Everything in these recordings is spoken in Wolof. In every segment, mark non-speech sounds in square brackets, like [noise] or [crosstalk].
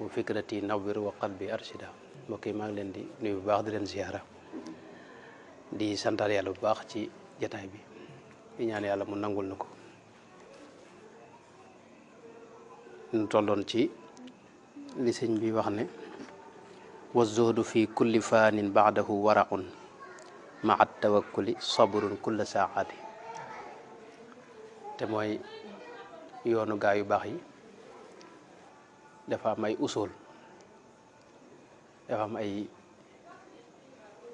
wa fikrati nawwir wa qalbi arshida mbokk yi maa ngi leen di nuyu bu baax di leen ziyaara di santaar bu baax ci jataay bi di ñaan yàlla mu nangul na ko ñu tolloon ci li sëñ bi wax ne wa zuhdu fi kulli faanin baadahu waraqun maa tawakkuli sabrun kulla saaxaati te mooy yoonu gaa yu baax yi dafa am ay usul dafa am ay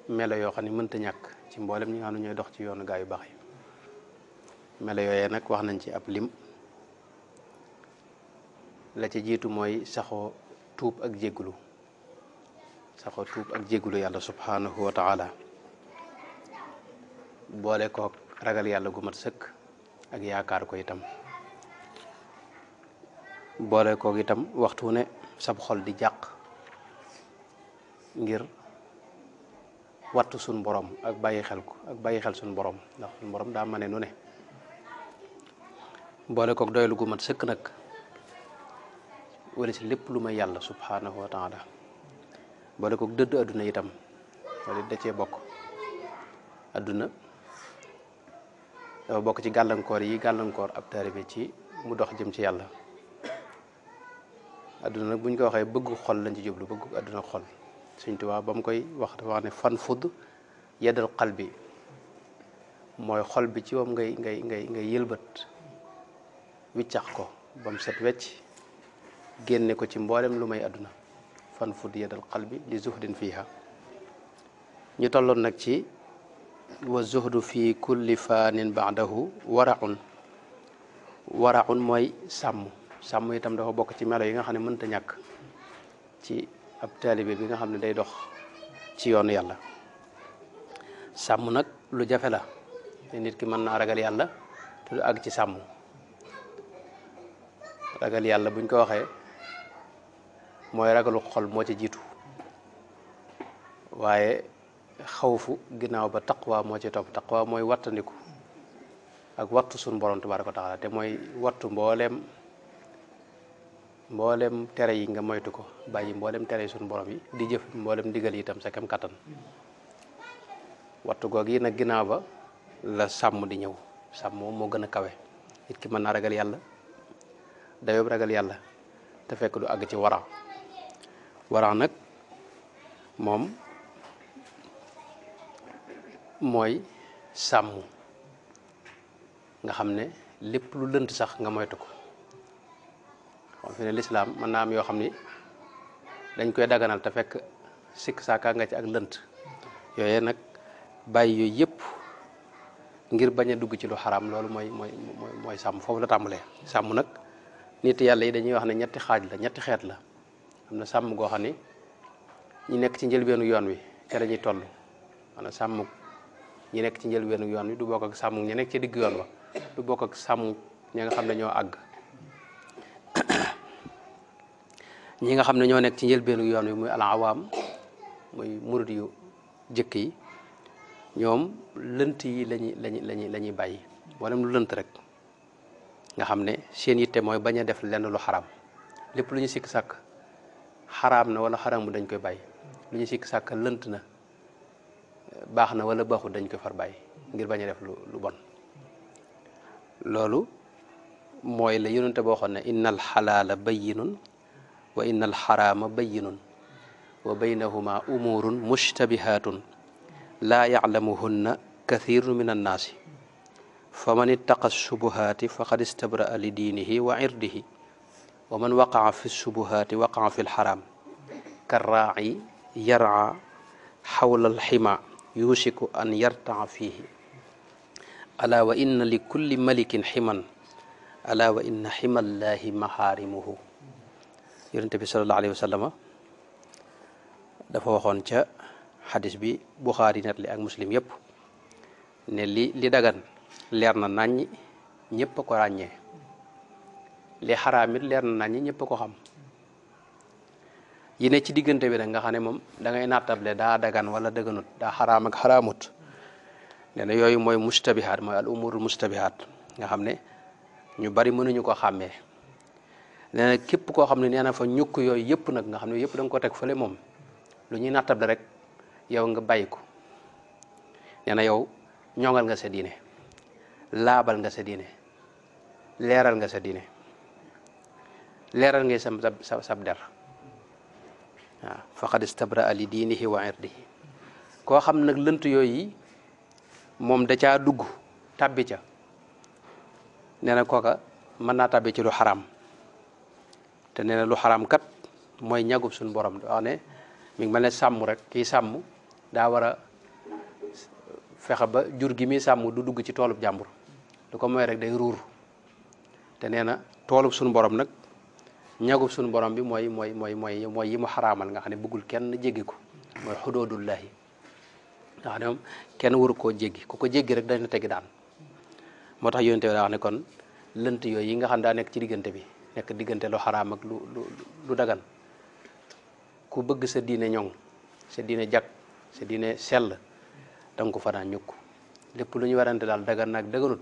melo yo xam mën ta ñak ci mbolam ñi nga xam ñoy dox ci yoonu gaay yu bax yi melo yooyee nak wax nañ ci ab lim la ci jitu moy saxo tuup ak jéglu saxo tuup ak jéglu yalla subhanahu wa taala boole ko ragal yalla gu mat sekk ak yaakar ko itam boole kook itam waxtu ne sab xol di jàq ngir wattu suñ boroom ak bàyyi xel ko ak bàyyi xel suñ borom ndax suñ borom daa mane nu ne boole koog doylu gu mat sëkk nag wala si lépp lu ma yàlla subhaanahu wa taala boole koog dëdd adduna itam wala da cee bokk adduna dafa bokk ci gàllankoor yi gàllankoor ab taalibe ci mu dox jëm ci yàlla adduna nag bu ñu ko waxee bëggu xol lañ ci jublu bëggu adduna xol Sëñ Tuubaa ba mu koy wax wax ne fan fudd yeddal xal bi mooy xol bi ci moom ngay ngay ngay ngay yëlbët wiccax ko ba mu set wecc génne ko ci mboolem lu may àdduna fan fudd yeddal xal bi li zuhdin fiiha ñu tolloon nag ci wa zuhdu fi kulli faanin baadahu waraun waraun mooy sàmm sàmm itam dafa bokk ci melo yi nga xam ne mënta ñàkk ci ab taalibe bi nga xam ne day dox ci yoonu yàlla sàmm nag lu jafe la nit ki mën naa ragal yàlla te du àgg ci sàmm ragal yàlla buñ ko waxee mooy ragalu xol moo ci jiitu waaye xawfu ginnaaw ba waa moo ci topp taqwa mooy wattandiku ak wattu suñu borom tabaaraka wa taala te mooy wattu mbooleem mboolem tere yi nga moytu ko bàyyi mboolem tere yi suñu borom yi di jëf mboolem ndigal yi itam sa kem kattan wattu googu yi nag ginnaaw ba la sàmm di ñëw sàmm moom moo gën a kawe nit ki mën naa ragal yàlla dayoob ragal yàlla te fekk du àgg ci wara wara nag moom mooy sàmm nga xam ne lépp lu lënt sax nga moytu ko xam fi ne lislaam mën naa am yoo xam ni dañ koy daganal te fekk sikk saaka nga ci ak lënt yooyee nag bàyyi yooyu yëpp ngir bañ a dugg ci lu xaraam loolu mooy mooy mooy sàmm foofu la tàmbalee sàmm nag nit yàlla yi dañuy wax ne ñetti xaaj la ñetti xeet la am na sàmm goo xam ni ñi nekk ci njëlbeenu yoon wi ca la toll maanaam sàmm ñi nekk ci njëlbeenu yoon wi du bokk ak sàmm ñi nekk ci digg yoon wa du bokk ak sàmm ñi nga xam ne ñoo àgg ñi nga xam ne ñoo nekk ci njëlbeenu yoon wi muy alawaam muy murid yu jëkk yi ñoom lënt yi lañuy lañu lañu la ñuy bàyyi mboolem lu lënt rek nga xam ne seen yitte mooy bañ a def lenn lu xaraam lépp lu ñu sikk sàkk xaraam na wala xaraam bu dañ koy bàyyi lu ñu sikk sàkk lënt na baax na wala baaxul dañ koy far bàyyi ngir bañ a def lu lu bon loolu mooy la yonente boo xoon ne innal xalaala ba bayyinun وإن الحرام بين وبينهما أمور مشتبهات لا يعلمهن كثير من الناس فمن اتقى الشبهات فقد استبرأ لدينه وعرضه ومن وقع في الشبهات وقع في الحرام كالراعي يرعى حول الحمى يوشك أن يرتع فيه ألا وإن لكل ملك حما ألا وإن حمى الله محارمه yonent bi sallallahu alayhi wa sallama dafa waxoon ca xadis bi buxaari net li ak muslim yëpp ne li li dagan leer na naññi ñëpp ko ràññee li xaraam leer na naññi ñëpp a xam yi ci diggante bi nag nga xam ne moom da ngay nattable daa dagan wala daganut daa ak xaraamut nee na yooyu mooy mustabihaat mooy al umurul mustabihaat nga xam ne ñu bari mënuñu ko xàmmee nee na képp koo xam ne nee na fa ñukk yooyu yépp nag nga xam ne yépp da nga ko teg fële moom lu ñuy nattab la rek yow nga bàyyi ko nee na yow ñongal nga sa diine laabal nga sa diine leeral nga sa diine leeral ngay sa sa sab der waaw faqad diinihi wa irdihi koo xam nag lënt yooyu moom da caa dugg tabbi ca nee na kooka mën naa tabbi ci lu xaram te neena lu haram kat moy ñagub suñu borom wax ne mi ngi mel samu rek ki sammu da wara fexa ba jur gi mi sammu du dugg ci jambur lu ko moy rek day rur te neena na suñu borom nak ñagub suñu borom bi moy moy moy moy moy yi mu haramal nga xam bëggul kenn jéggé ko moy hududullah da ñom kenn waru ko jéggi ku ko jéggi rek dañu tégg daan motax yoonte wax kon leunt yoy yi nga xam daa nekk ci digënté bi nek digënté lu haram, ak lu lu dagan ku bëgg sa diiné ñong sa diiné jak sa diiné sel dang ko fa ñukku lepp lépp lu ñu warante dal dagan nak daganut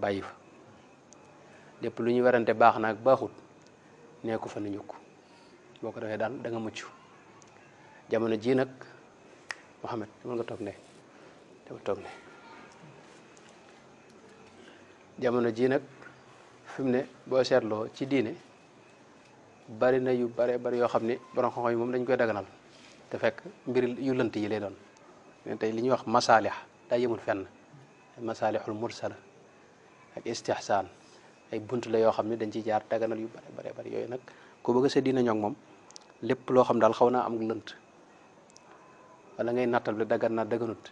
bayyi fa lepp lu ñu warante bax nak baxut neeku fa na ñukk boo ko da nga muccu jamono ji nak muhammad dama nga tok ne dama tok ne jamono ji nak fi mu ne boo seetloo ci diine bari na yu bare bari yoo xam ne borom xam-xam yi moom dañ koy daganal te fekk mbir yu lënt yi lay doon mais tey li ñuy wax masaalix daa yëmul fenn masaalixul mursala ak istixsaan ay bunt la yoo xam ne dañ ciy jaar daganal yu bare bare bari yooyu nag ku bëgg sa diine ñoog moom lépp loo xam daal xaw naa am lënt wala ngay nattal bi dagan naa daganut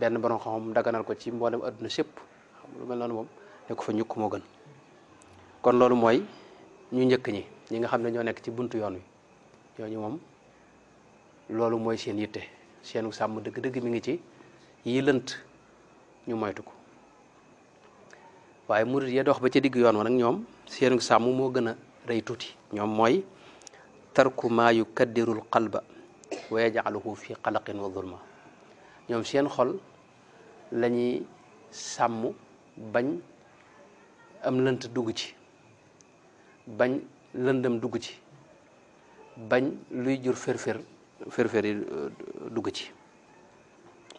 benn borom xam-xam daganal ko ci mboolem adduna sëpp xam lu mel noonu moom nekk fa ñukk moo kon loolu mooy ñu njëkk ñi ñi nga xam ne ñoo nekk ci buntu yoon wi ñooñu moom loolu mooy seen yitte seenu sàmm dëgg-dëgg mi ngi ci yi lënt ñu moytu ko waaye murit ya dox ba ci digg yoon wa nag ñoom seenu sàmm moo gën a rëy tuuti ñoom mooy tarku maa yu kaddirul qalba wa yajaluhu fi qalaqin wa zulma ñoom seen xol lañuy sàmm bañ am lënt dugg ci bañ lëndëm dugg ci bañ luy jur fër-fër fër-fër yi euh, dugg ci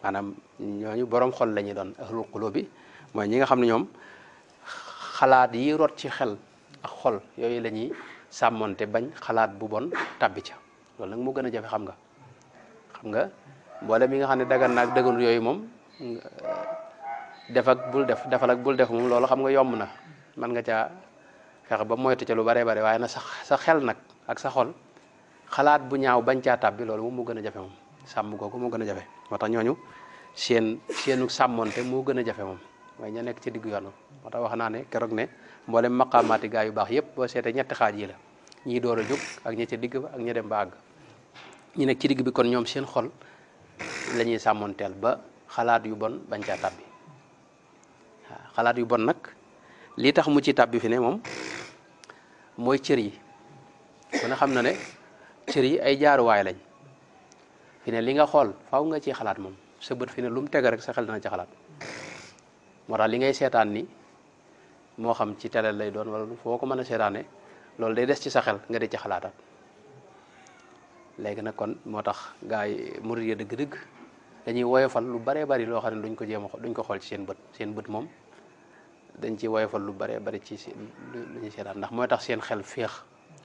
maanaam ñooñu boroom xol lañuy ñu doon ahlul bi mooy ñi nga xam ne ñoom xalaat yi rot ci xel ak xol yooyu lañuy ñuy sàmmonte bañ xalaat bu bon tàbbi ca loolu nag moo gën a jafe xam nga xam nga mboole mi nga xam ne dagan naag dëgganut yooyu moom defak bul def defal ak bul def moom loolu xam nga yomb na mën nga caa fexe ba moytu ci lu bare bare waye na sax sa xel nak ak sa xol xalaat bu ñaaw bañ ca tabbi loolu mo moo gën a jafe moom sàmm googu moo gën a jafe ñooñu seen seenu samonté mo gëna jafé jafe way ña ci diggu yoonu motax wax na ne kérok ne mbolé maqamati gaay yu bax yépp bo sété ñett xaj yi la ñi door juk ak ñi ci digg ba ak ñi dem baag ñi nek ci digg bi kon ñom seen xol lañuy samontel ba xalaat yu bon bañ ca tabbi nak, xalaat yu bon nak li tax mu ci tabbi fi ne mom mooy cër yi mën a xam na ne cër yi ay jaaruwaay lañ fi ne li nga xool faw nga ci xalaat moom sa bët fi ne lu mu teg rek sa xel dana ci xalaat moo tax li ngay seetaan ni moo xam ci télé lay doon wala foo ko mën a seetaane loolu day des ci sa xel nga di ci xalaataat léegi nag kon moo tax gaa yi murid yi dëgg-dëgg dañuy woyofal lu baree bari loo xam ne duñ ko jéem a duñ ko xool ci seen bët seen bët moom dañ ciy woyofal lu bare bari ci lu ñuy seenaat ndax mooy tax seen xel féex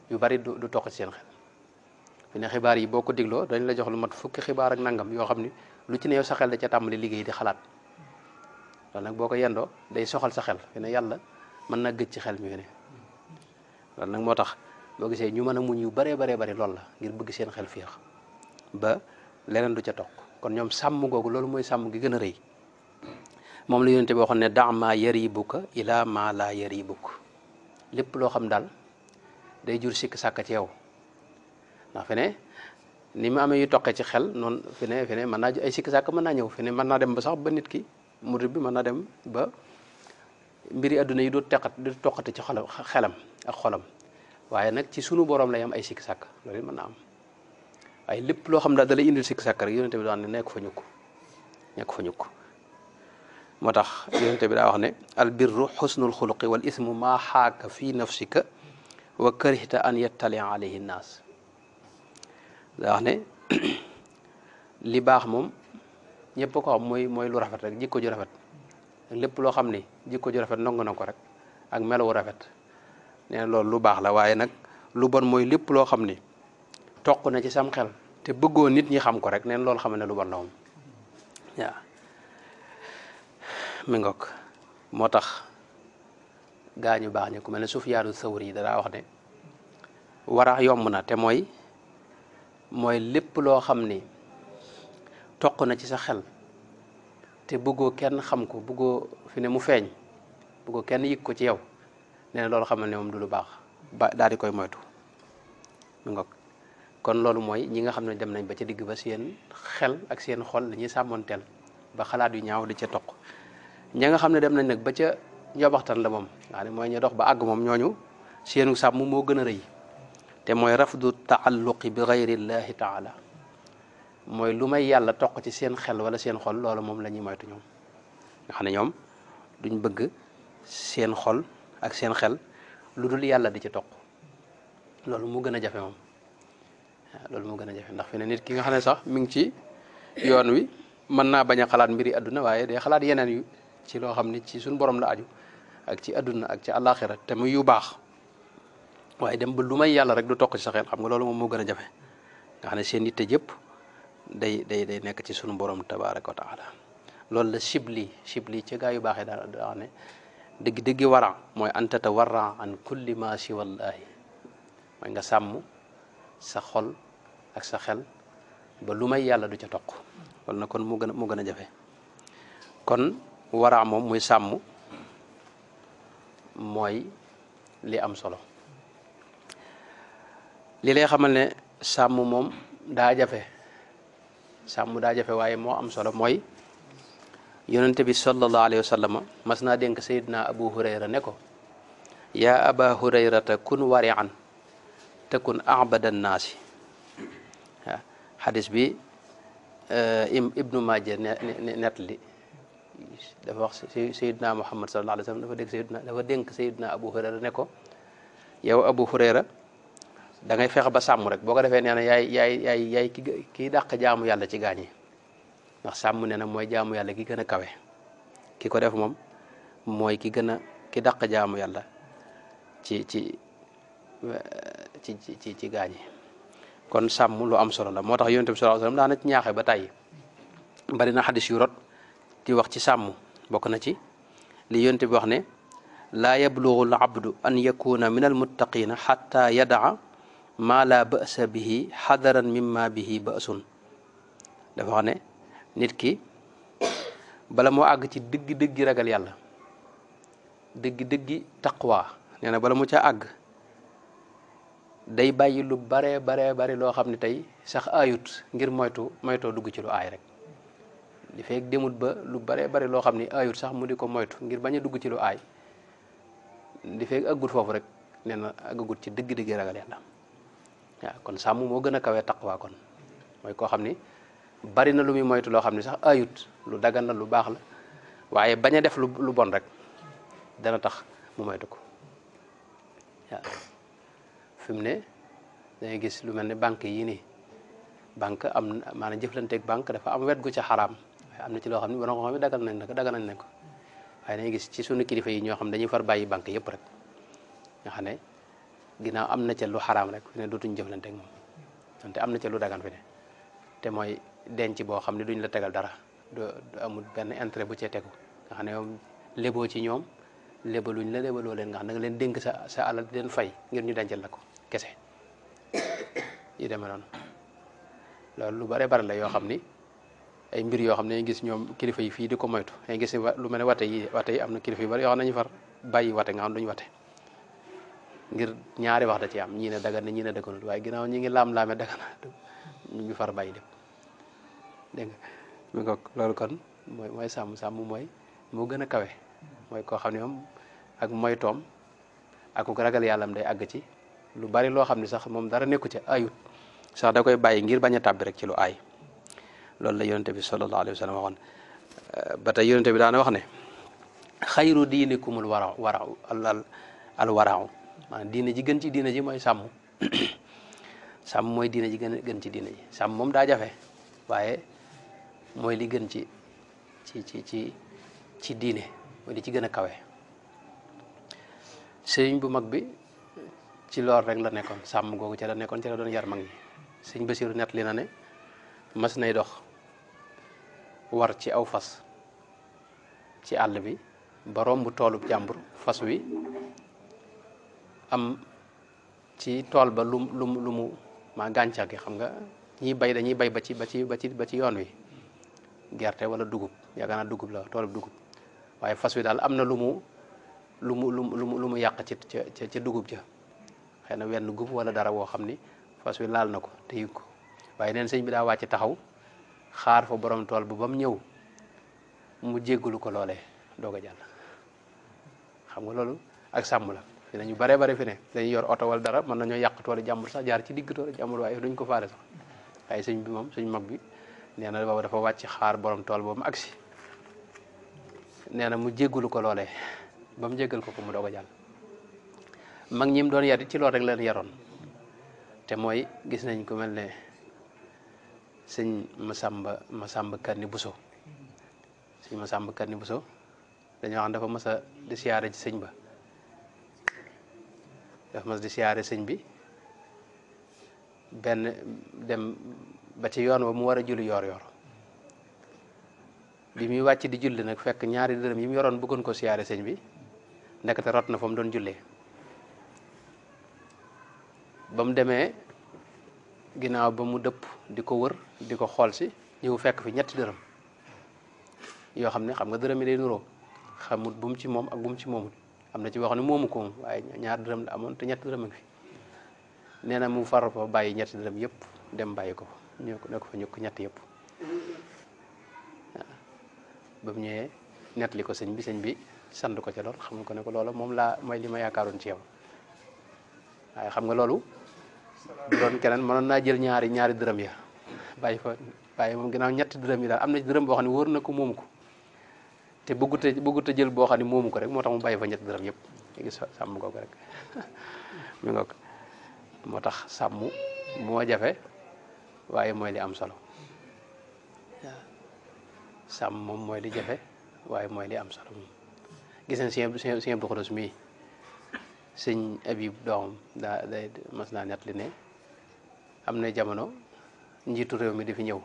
yu bari du du toq seen xel fi ne xibaar yi boo ko digloo dañ la jox lu mat fukki xibaar ak nangam yoo xam ni lu ci ne yow sa xel da ca tàmbali liggéey di xalaat loolu nag boo ko yendoo day soxal sa xel fi ne yàlla mën na gëj ci xel mi ne loolu nag moo tax boo gisee ñu mën a muñ yu baree baree bari loolu la ngir bëgg seen xel féex ba leneen du ca toog kon ñoom sàmm googu loolu mooy sàmm gi gën a rëy moom la yonente bi waxoon ne da ma yaribuka laa ma yi yaribuk lépp loo xam daal day jur sikk sàkk ci yow ndax fi ni mu amee yu toqee ci xel noonu fi ne fi ne ay sikk sàkk mën naa ñëw fi ne mën naa dem ba sax ba nit ki mu bi mën naa dem ba mbiri àdduna yi du teqat du toqati ci xolam xelam ak xolam waaye nag ci sunu borom la am ay sikk sàkk loolu mën naa am waaye lépp loo xam daal da indil sikk sàkk rek yonente bi daan nekk fa ñukk nekk fa ñukk motax yonte bi da wax ne al birru husnul khuluq wal ismu ma xaaka fi nafsika wa karihta an yattali alayhi nas da wax ne li bax mom ñëpp ko xam moy moy lu rafet rek jikko ju rafet lépp lo xamni jikko ju rafet nangu nako rek ak wu rafet ne lool lu bax la waye nak lu bon moy lépp lo xamni tokku na ci sam xel te beggo nit ñi xam ko rek ne lool xam lu bon la moom yeah. mi ngoog moo tax gaa gaañu baax ñi ku mel ne Sufyaanu Sawri yi dalaa wax ne waraa yomb na te mooy mooy lépp loo xam ni toq na ci sa xel te bëggoo kenn xam ko bëggoo fi ne mu feeñ bëggoo kenn yëg ko ci yow nee na loolu xamal ne moom du lu baax ba daal di koy moytu mi ngoog kon loolu mooy ñi nga xam ne dem nañ ba ca digg ba seen xel ak seen xol la ñuy sàmmoonteel ba xalaat yu ñaaw di ca toq ñi nga xamne dem nañ nak ba ca njobaxtan la mom nga moy ñi dox ba ag mom ñoñu seenu sam moo gën a rëy te mooy rafdu ta'alluq bi ghayri llahi taala moy lu may yàlla ci seen xel wala seen xol loolu mom la moytu ñom nga xamne ñom duñ bëgg seen xol ak seen xel lu dul yàlla di ci tok loolu mo gëna jafé mom loolu mo gëna jafé ndax fi ne nit ki nga xamne sax mi ngi ci yoon wi man na baña xalaat mbiri aduna waye day xalaat yenen yu ci lo xamni ci sun borom la aju ak ci aduna ak ci alakhirah te muy yu bax waye dem ba luma yalla rek du tok ci xel xam nga lolu moom mo gëna jafé nga xane seen jëpp day day day nek ci sun borom tabaaraku taala lolu la shibli shibli ci gaay yu baxé da daa ne deug wara moy an tatawarra an kulli ma shi wallahi moy nga sam sa xol ak sa xel ba luma yalla du ca tok wala na kon mo gëna mo gëna jafé kon waraa moom muy sàmm mooy li am solo li lay xamal ne sàmm moom daajafe jafe sàmm daa jafe waaye moo am solo mooy yonente bi sallallahu alayhi wa sallama mas naa dénk sayidna abu hurayra ne ko yaa aba hurayrata kun warian takun abada naasi waaw xadis bi eh, ibnu maaja net li dafa wax sayidna muhammad sallallahu alayhi wa sallam dafa dégg sayidna dafa dénk sayidna abu hurayra ne ko abu hurayra dangay fexe ba sàmm rek boo ko defee nee yaay yaay yaay yaay ki kii dàq jaamu yàlla ci gaañ yi ndax sàmm nee na mooy jaamu yàlla ki gën a kawe ki ko def moom mooy ki gën a ki dàq jaamu yàlla ci ci ci ci ci gaañ yi kon sàmm lu am solo la moo tax yonent bi sallallahu alayhi wa daana ci ñaaxee ba tàyyi bari na xadis yu di wax ci sàmm bokk na ci li yonte bi wax ne la yablughu al abdu an yakuna min al muttaqin, hatta yada'a ma la ba'sa bihi hadaran mimma bihi ba'sun dafa wax ne nit ki bala moo àgg ci dëgg dëgg ragal yàlla dëgg dëgg taqwa nee bala mu ca àgg day bàyyi lu bare bare bare loo xam ne sax ayut ngir moytu moytoo dugg ci lu aay rek di fek demut ba lu bare bare lo xamni ni sax mu diko ko moytu ngir baña dugg ci lu ay di fek agut fofu rek neena agagut ci deug deug ragal yalla kon samu mo gëna kawé taqwa kon moy ko xamni bari na lu mi moytu lo xamni ni sax ayut lu dagan na lu bax la waaye baña def lu lu bon rek dana tax mu moytu ko ya fimne mu ne gis lu melni bank yi ni bank am am maanaam ak bank dafa am wet gu haram haram am na ci loo xam ne borom xam ne dagal nañ ko dagal nañ ko waaye dañuy gis ci sunu kilifa yi ñoo xam dañuy far bàyyi banque yëpp rek nga xam ne ginnaaw am na ca lu xaraam rek ne dootuñ jëflante ak moom donte am na ca lu dagan fi te mooy denc boo xam ne duñ la tegal dara du amul benn intérêt bu cee tegu nga xam ne moom leboo ci ñoom lebaluñ la lebaloo leen nga xam ne nga leen dénk sa sa alal di leen fay ngir ñu dencal la ko kese [coughs] yi demee noonu loolu lu bare bare la yoo xam ni ay mbir yoo xam ne gis ñoom kilifa yi fii di ko moytu dañuy gis lu mel ne wate yi wate yi am na kilifa yu bari yoo xam ne ñu far bàyyi wate nga xam wax da ci am ñii ne dagan na ñii ne daganul waaye ginnaaw ngi laam-laame [laughs] dagan far bàyyi lépp dégg nga mi nga kon mooy mooy sàmm sàmm mooy moo gën a kawe mooy koo xam ne moom ak moytoom ak ku ragal yàllam day àgg ci lu bari loo xam ne sax moom dara nekku ca ayut sax da koy bàyyi ngir bañ a tàbbi rek ci lu aay loolu la yonente bi sallallahu alayhi wa sallam waxoon ba tey bi daana wax ne xayru diinikumul waraw waraw al al waraaw maanaam diina ji gën ci diina ji mooy sàmm [coughs] sàmm mooy diina ji gën gën ci diina sàmm moom daa jafe waaye mooy li gën ci ci ci ci ci diine mooy li ci gën a kawe sëriñ bu mag bi ci lool rek la nekkoon sàmm googu ca la nekkoon ca la doon yar mag ñi sëriñ Basiru nett li na ne mas nay dox war ci aw fas ci all bi ba rombu tolu jambru fas wi am ci tol ba lum lum lumu ma maa gàncax gi xam nga ñi bay dañuy bay ba ci ba ci ba ci ba ci yoon wi gerte wala dugub ya gana dugub la toolub dugub waye fas wi dal am lumu lumu lumu lumu mu lu ci lu ci dugub ja xena wenn gub wala dara wo xamni fas wi lal nako ko te ko neen señ bi da wacc taxaw xaar fa borom tool bu bam mu ñëw mu jéggulu ko loolee doga jall xam nga loolu ak sàmm la fi nañu bare bare fi ne dañuy yor oto wala dara mën nañoo yàq toolu jàmbur sax jaar ci digg toolu jàmbur waaye duñ ko faale sax waaye sëñ bi moom suñ mag bi nee na booba dafa wàcc xaar borom tool boobu mu agsi nee mu jéggulu ko loolee ba mu jéggal ko ko mu doga jàll mag ñim doon yar ci lool rek leen yaroon te mooy gis nañ ko mel sëñ Masamba Masamba Kanni buso sëñ Masamba Kanni buso dañoo xam dafa mas eh, di siyaare ci ba dafa mas di siyaare sëñ ya, bi ben dem ba ci yoon wa mu juli yor-yor bi muy wàcc di julli nag fekk ñaari dërëm yi mu yoroon ko siare sëñ bi ndekete rot na fa doon ginaaw ba mu depp diko wër diko xol ci si fekk fi ñett deureum yo xamne xam nga deureum yi day nuro xamut bu mu ci mom ak bu mu ci moomut amna ci wax ni momu ko waye ñaar deureum la amon te ñett deureum ak fi neena mu far fa bàyyi ñett deureum yépp dem bàyyi ko ñëw ko ne fa ñëkk ñett yépp ba mu ñewé nettali liko señ bi señ bi sand ko ci lool xam nga ko ne ko loolu mom la may li ma yaakaaroon ci yow waaye xam nga loolu bu doon keneen mënoon naa jël ñaari ñaari dërëm ya bàyyi ko waaye moom ginnaaw ñetti dërëm yi daal am na dërëm boo xam ne wóor na ko moomu ko te bëggut a bëggut a jël boo xam ne moomu ko rek moo tax mu bàyyi fa ñetti dërëm yëpp léegi sàmm googu rek mi ngoog moo tax sàmm moo jafe waaye mooy li am solo waaw sàmm moom mooy li jafe waaye mooy li am solo gis nañ sëñ sëñ Abdou Xudos mii sëñ Habib doomam daa day mas naa nettali ne am na jamono njiitu réew mi dafi ñëw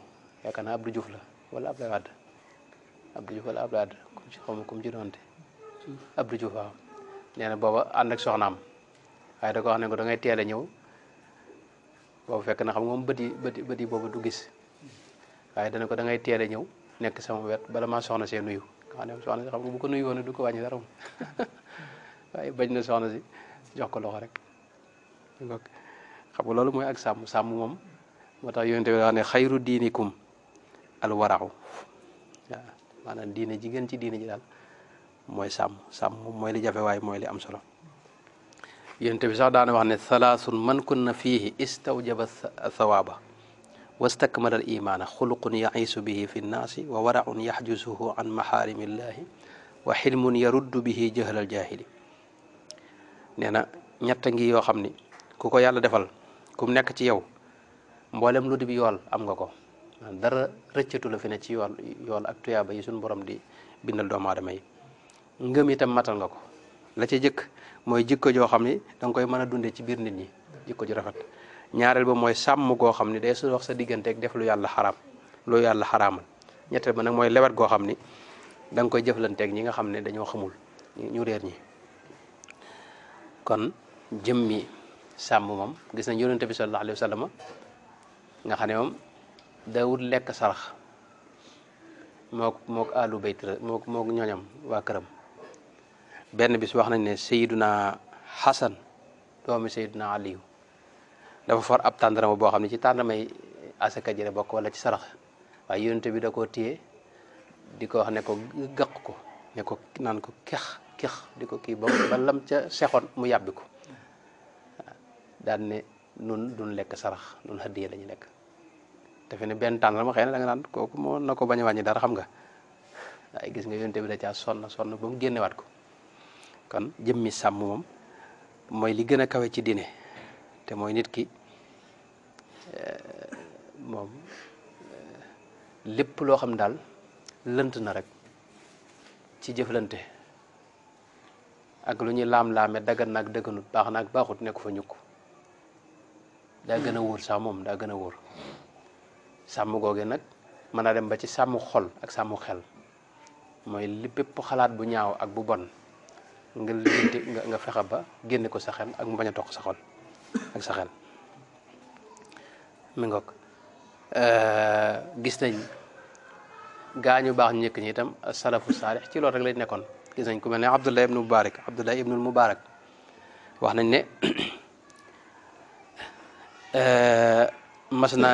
yaakaar naa Abdou Diouf la wala Abdoulaye Wade Abdou Diouf wala Abdoulaye Wade comme ci xaw ma comme ci doonte Abdou Diouf waaw nee booba ànd ak soxnaam waaye da wax ne ko da ngay teel a ñëw boobu fekk na xam nga moom bëti yi bët yi boobu du gis waaye dana ko da ngay teel a ñëw nekk sama wet bala ma soxna see nuyu nga xam ne soxna si xam nga bu ko nuyu woon du ko wàññi [laughs] bañ soxna si jox ko loxo rek xam nga loolu mooy ak sàmm sàmm moom moo tax yonente bi wax ne xayru diinikum al waraaw waaw maanaam diine ji gën ci diine ji daal mooy sàmm sàmm mooy li jafe waaye mooy li am solo yonente bi sax daana wax ne salaasun man kunna fiihi istawjaba thawaaba wastakmala al imaana xuluqun yaiisu bihi fi nnaasi wa waraun yaxjusuhu an maxaarimillahi wa xilmun yaruddu bihi jahla al jaahili nee na ñett ngi yoo xam ni ku ko yàlla defal ku nekk ci yow mboolem lu di yool am nga ko dara rëccatu la fi ne ci yool yool ak tuyaaba yi suñu borom di bindal doomu aadama yi ngëm itam matal nga ko la ca jëkk mooy jikko joo xam ni da koy mën a dundee ci biir nit ñi jikko ju rafet ñaareel ba mooy sàmm goo xam ni day su sa digganteeg def lu yàlla xaraam lu yàlla xaraamal ñetteel ba nag mooy lewet goo xam ni da koy jëflanteeg ñi nga xam ne dañoo xamul ñu réer ñi kon jëmmi sàmm moom gis na yonente bi sallallahu alayhi wasallam nga xam ne moom daawut lekk sarax mook mook alu bayt mook mook ñooñam waa këram benn bis wax nañ ne sayiduna xasan doomi sayiduna aliyu dafa for ab tàndarama boo xam ne ci tàndaramay asaka ji bokk wala ci sarax waaye yonente bi da koo téye di ko wax ne ko gëq ko ne ko naan ko kex kex diko ki kii ba lam ca xexon mu yàbbi dal ne nun dun lek sarax nun hadiya lañu lekk dafa ne tan la ma xëy da nga nan koku mo nako baña wañi dara xam nga ay gis nga yonte bi da ca sonna sonna bu mu wat ko kon jëmmi sam mom moy li gëna kawé ci diine te moy nit ki eh, mom eh, lepp lo xam dal leunt na rek ci jëflante ak lu lam, lamé dagan naag dëgganut bax nak baxut nek fa ñuk da gëna a sa mom da gëna wuur a goge nak mëna dem ba ci sam xol ak sam xel moy li bëpp xalaat bu ñaaw ak bu bon nga lijjanti nga fexa ba génne ko sa xel ak mu baña tok sa xol ak sa xel mi euh gis nañ gañu bax ñu ñi tam salafu salih ci lool rek lay nekkon gis nañ ku melni Abdullah ibn Mubarak Abdullah ibnu Mubarak wax nañ ne mas masna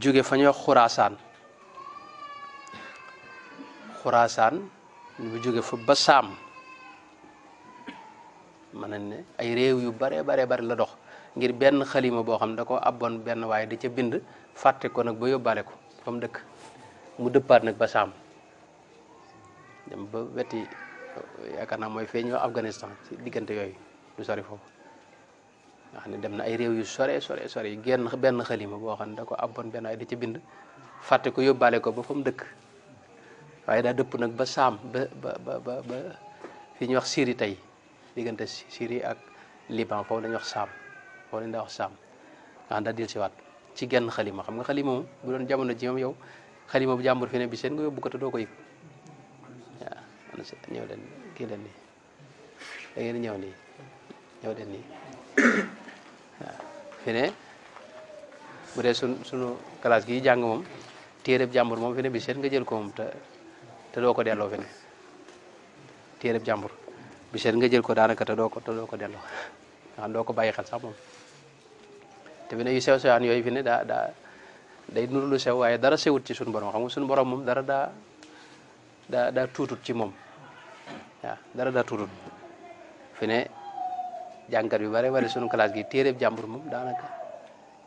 jóge fañu ñuy wax xuraasaan xuraasaan bu jóge fu basam manan ne ay rew yu bare bare bare la dox ngir ben khalima bo xam dako abone ben way di waaye ca bind fàtte ko nak ba yobale ko fam mu dëkk mu deppat nak basam dem ba wetti yaakaar naa mooy feeñoo afghanistan ci diggante yooyu du sori foofu nga xam ne dem na ay réew yu sore sore sore yi genn benn xalima boo xam ne da ko abboon benn ay di ci bind fàtte ko yóbbaale ko ba fa mu dëkk waaye daa dëpp nag ba saam ba ba ba ba ba fi ñuy wax syrie tey diggante syrie ak liban foofu la wax saam foofu la wax saam nga daa dil si waat ci genn xalima xam nga xalima moom bu doon jamono ji moom yow xalima bu jàmbur fi ne bi seen nga yóbbu ko te doo ko yëg ñëw leen kii leen nii da ngeen ñëw nii ñëw leen nii fi ne bu dee sun sunu classe gi jàng moom téereb jàmbur moom fi ne bi seet nga jël ko moom te te doo ko delloo fi ne téereb jàmbur bi seet nga jël ko daanaka te doo ko te doo ko delloo nga doo ko bàyyi xel sax moom te fi ne yu sew sewaan yooyu fi ne daa daa day nuru lu sew waaye dara sewut ci sunu borom xam nga sunu borom moom dara daa daa daa tuutut ci moom waaw dara daa tuutut fi ne jànkat yu bare bare sunu classe gi téereb jàmbur moom daanaka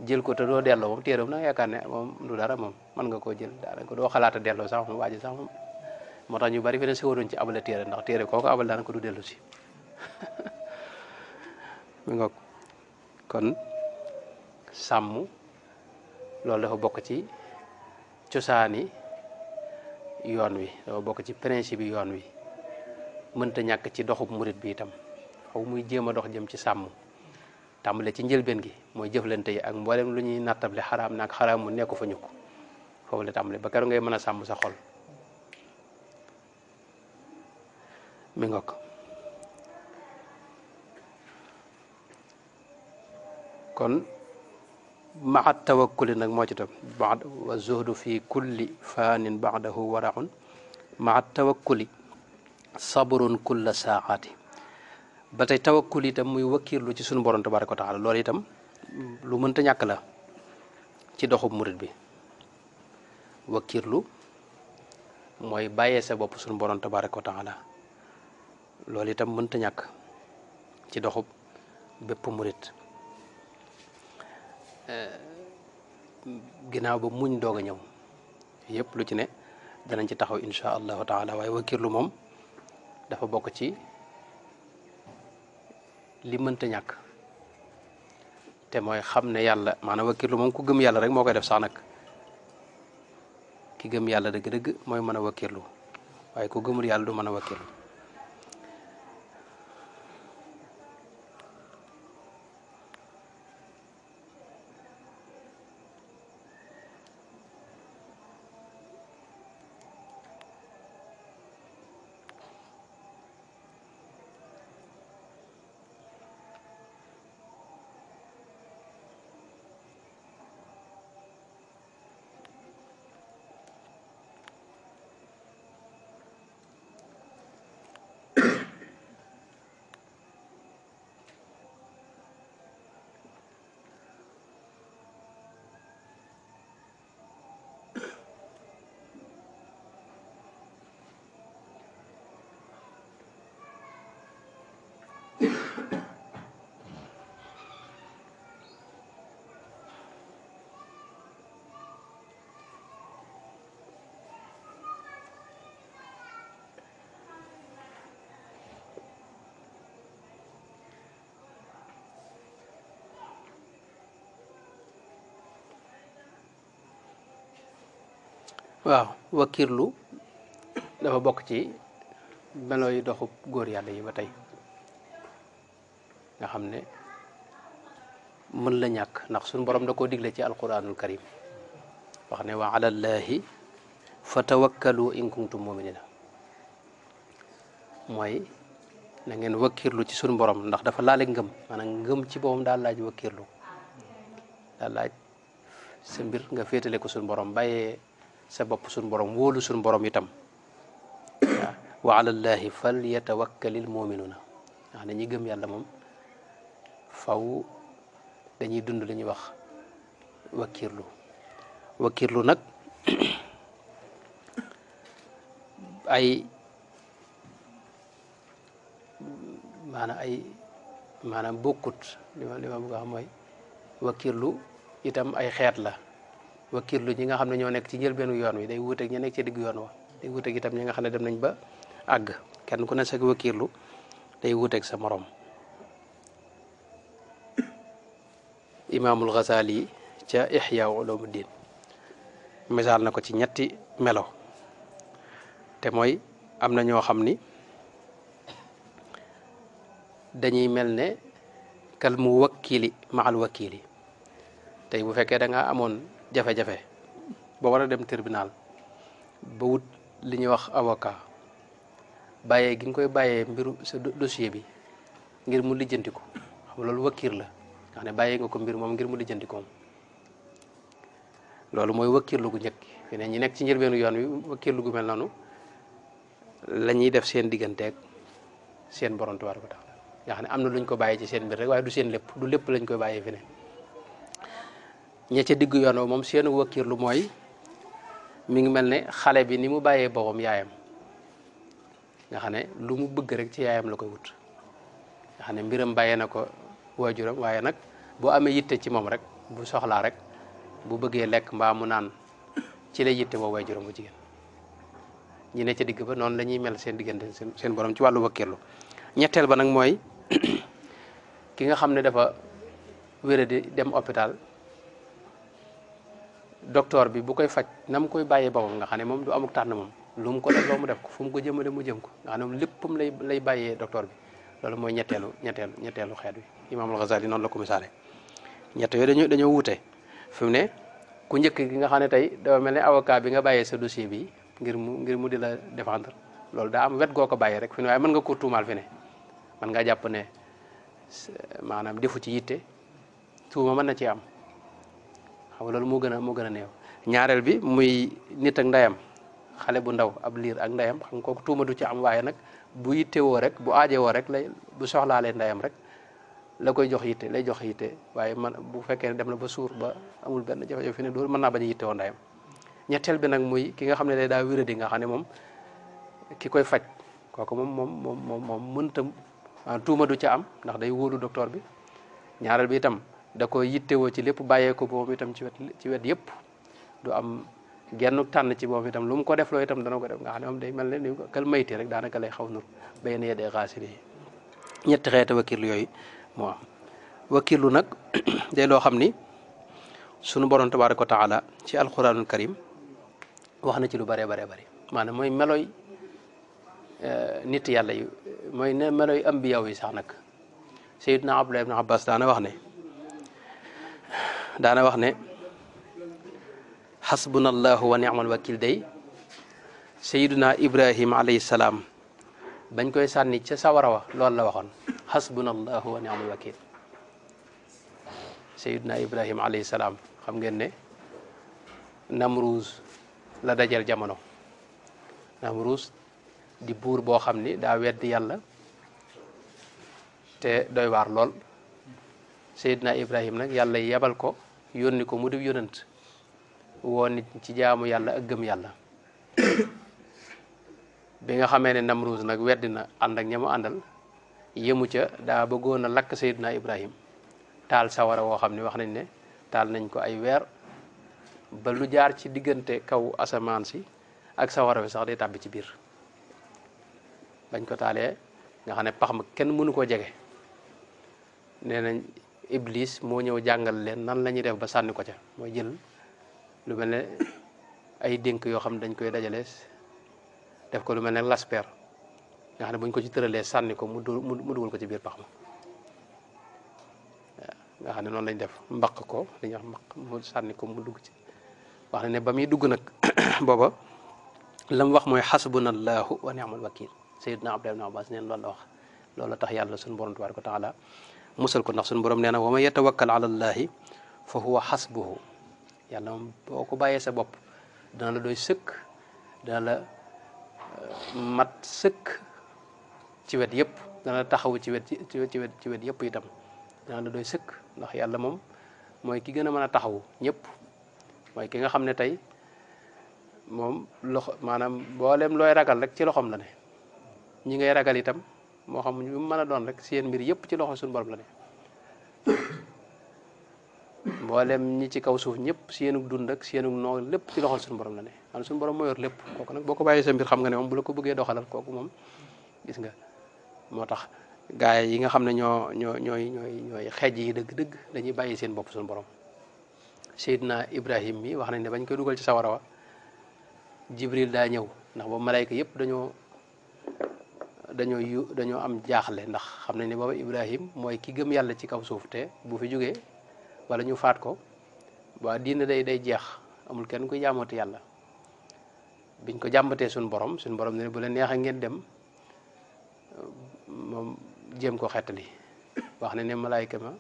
jël ko te doo delloo moom téereb nag yaakaar ne moom du dara moom mën nga koo jël ko doo xalaata delloo sax moom waaji moo tax ñu bari fi ne siwaruñ ci abale téere ndax téere koo ko abal ko du dellu si [laughs] mi nga kon sàmm loolu dafa bokk ci cosaani yoon wi dafa bokk ci principe bi yoon wi mënta ñàkk ci doxub murit bi itam xaw muy jéem a dox jëm ci sàmm tàmbale ci njëlbeen gi mooy jëflante yi ak mboolem lu ñuy nattable xaraam naag xaraam mu nekku fa ñu ko foofu la tàmbale ba keroog ngay mën a sàmm sa xol mi ngok kon maa tawakkuli nag moo ci tam bad wa zuhdu fi kulli faanin badahu waraun maa tawakkuli sabrun kulla saaxaati ba tey tawakkul itam muy wakkirlu ci sunu borom tabaraka wa taala lu mënta ñàkk la ci doxub murit bi wakkirlu mooy bàyyee sa bopp sunu borom tabaraka wa taala loolu itam mënta ñàkk ci doxub bépp murit Eh, ginnaaw ba muñ doog a ñëw yëpp lu ci ne danañ ci taxaw insha allahu taala waaye wakiirlu moom dafa bokk ci li mënta ñàkk te mooy xam ne yàlla maanaam wakiirlu moom ku gëm yàlla rek moo koy def sax nag ki gëm yàlla dëgg-dëgg mooy mën a wakiirlu waaye ku gëmul yàlla du mën a wakiirlu waaw wakiirlu dafa bokk ci melo yi doxub góor yàlla yi ba tey nga xam ne mën la ñàkk ndax suñu borom da koo digle ci alquranul karim wax ne wa alallaahi fa tawakkalu in kuntum muminina mooy na ngeen wakiirlu ci suñu borom ndax dafa laale ngëm maanaam ngëm ci boppam daal laaj wakiirlu daal laaj sa mbir nga féetale ko suñu borom bàyyee sa bopp suñ borom wóolu suñ borom itam waaw wa alallaahi fal yatawakkalil muminuuna nga xam ñi gëm yàlla moom faw dañuy dund lañuy wax wakiirlu wakiirlu nag [clears throat] ay maanaam ay maanaam bokkut li ma li xam mooy wakiirlu itam ay xeet la wakirlu ñi nga xam ne ñoo nekk ci njëlbeenu yoon wi day wuuteeg ña nek ci digg yoon wa day wuuteeg itam ñi nga dem nañ ba ag, kenn ku ne sa wakirlu day wuuteeg sa morom Imamul ghazali ca ihya ulumuddin misaal na ci melo te mooy am na ñoo xam ni dañuy mel ne kal mu wakili maal wakili tay bu fekke da nga amone jafe-jafe ba wara dem tribunal ba wut li wax avocat biru gi nga koy mbiru sa dossier bi ngir mu lijeentiko xam lolu wakir la xane bayé nga ko mbir mom ngir mu lijeentiko lolu moy wakir lu gu ñek fi ne ñi nek ci benu yoon wi lu gu mel nanu lañuy def seen ak seen borom tubaar taala ya xane amna luñ ko bayé ci seen mbir rek waye du seen lepp du lepp lañ koy bayé fi ne ña digg diggu yoon wa moom seenu wakiirlu mooy mi ngi mel ne xale bi ni mu bàyyee boppam yaayam nga xam ne lu mu bëgg rek ci yaayam la koy wut xam ne mbiram bàyyee na ko waajuram waaye nag boo amee yitte ci moom rek bu soxlaa rek bu bëggee lekk mbaa mu naan ci la yitte woo waajuram bu jigéen ne ca digg ba noonu la ñuy seen diggante seen seen ci wàllu wakiirlu ñetteel ba nag mooy [clears throat] ki nga xam ne dafa wéradi dem hôpital docteur bi bu koy faj na mu koy bàyyee boppam nga xam ne moom du amuk tànn moom lu ko def loo mu def ko fu mu ko jëmale mu jëm ko nga xam ne moom léppam lay lay bàyyee docteur bi loolu mooy ñetteelu ñetteelu ñetteelu xeet bi imaamul Ghazali noonu la ko misaale ñett yooyu dañoo dañoo wuute fi mu ne ku njëkk gi nga xam ne tey dafa mel ne avocat bi nga bàyyee sa dossier bi ngir mu ngir mu di la défendre loolu daa am wet goo ko bàyyee rek fi ne waaye mën nga ko tuumaal fi ne mën ngaa jàpp ne maanaam defu ci yitte tuuma mën na ci am xam loolu moo gën a moo gën a néew ñaareel bi muy nit ak ndeyam xale bu ndaw ab liir ak ndeyam xam kooku tuuma du ci am waaye nag bu yittewoo rek bu aajewoo rek lay bu soxlaalee ndayam rek la koy jox yitte lay jox yitte waaye man bu fekkee dem na ba suur ba amul benn jafe-jafe fi ne loolu mën naa bañ a yittewoo ndeyam ñetteel bi nag muy ki nga xam ne day daa wéradi nga xam ne moom ki koy faj kooku moom moom moom moom moom mënta tuuma du ci am ndax day wóolu docteur bi ñaareel bi itam dako koy yittewoo ci lépp bàyyee ko boobu itam ci wet ci wet yëpp du am genn tànn ci boobu itam lu mu ko def loo itam dana ko def nga xam ne moom day mel ne kal mayti rek daanaka lay xaw nur bay na yedee xaasiri ñetti xeeti yooyu moo am wakilu nag [clears throat] day loo xam ni sunu borom tabaaraka wa taala ci alquranul karim na ci lu bëree bëree bëri maanaam mooy meloy eh, nit yàlla yi mooy ne meloy ambiyaw yi sax nag Seydina Abdullah ibn Abbas daana wax ne daana wax ne xasbunallahu wa ni'mal wakil day sayiduna ibrahim alayhi salaam bañ koy sànni ca sawara lool loolu la waxoon xasbunallahu wa ni'mal wakil sayiduna ibrahim alayhi salaam xam ngeen ne namruus la dajal jamono namruus di buur boo xam ni daa wedd yàlla te doy waar lool sayiduna ibrahim nag yàlla yebal ko yónni ko mu di yónant woo nit ci jaamu yàlla ak gëm yàlla bi nga xamee ne Namruus nag weddi na ànd ak ñamu àndal yëmu ca daa bëggoon a lakk Seydina Ibrahim taal sawara woo xam ne wax nañ ne taal nañ ko ay weer ba lu jaar ci diggante kaw asamaan si ak sawara wi sax day tàbbi ci biir bañ ko taalee nga xam ne pax ma kenn mënu koo jege nee nañ iblis mo ñew jangal leen nan la def ba sanni ko ca moy jël lu melne ay denk yo xam dañ koy dajale def ko lu melne lasper nga xam buñ ko ci tëralee sanni ko mu dugal ko ci biir pax ma nga xam non lañ def mbaq ko li ñuy wax mbaq mu sanni ko mu dugg ci wax na ne bamuy muy dugg nag [clears throat] booba lam wax moy hasbunallahu wa ni'mal wakil sayyidna abdullah ibn abbas ne lool wax loolu tax yalla sun borom tabaraka taala musal ko ndax suñu borom nee na wa man yatawakkal ala llaahi fa huwa xasbuhu yàlla moom boo ko bàyyee sa bopp dana la doy sëkk dana la euh, mat sëkk ci wet yëpp dana la taxaw ci wet ci wet ci wet yëpp itam dana doy sëkk ndax yàlla moom mooy ki gën a mën a taxaw ñëpp mooy ki nga xam ne tey moom loxo maanaam booleem looy ragal rek ci loxoom la ne ñi ngay ragal itam moo xam ñu mën a doon rek seen mbir yëpp ci loxo suñu borom la ne mboolem ñi ci kaw suuf ñëpp seenug dund ak seenug noo lépp ci loxol suñu borom la ne am suñu borom moo yor lépp kooku nag boo ko bàyyee sa mbir xam ne la ko bëggee doxalal kooku moom gis nga moo tax gaay yi nga xam ne ñoo ñoo ñooy ñooy xeej yi dëgg-dëgg dañuy bàyyi seen bopp suñu borom na Ibrahim mi wax nañ ne bañ koy dugal ci sawara wa Jibril daa ñëw ndax boobu malayka yëpp dañoo dañoo yu dañoo am jaaxle ndax xam nañ ne booba Ibrahim mooy ki gëm yàlla ci kaw suuf te bu fi jógee wala ñu faat ko waa diina day day jeex amul kenn kuy jaamooti yàlla biñ ko jàmbatee suñu borom suñ borom ne bu la neexee ngeen dem moom jéem ko xettali wax ne ne malaayka ma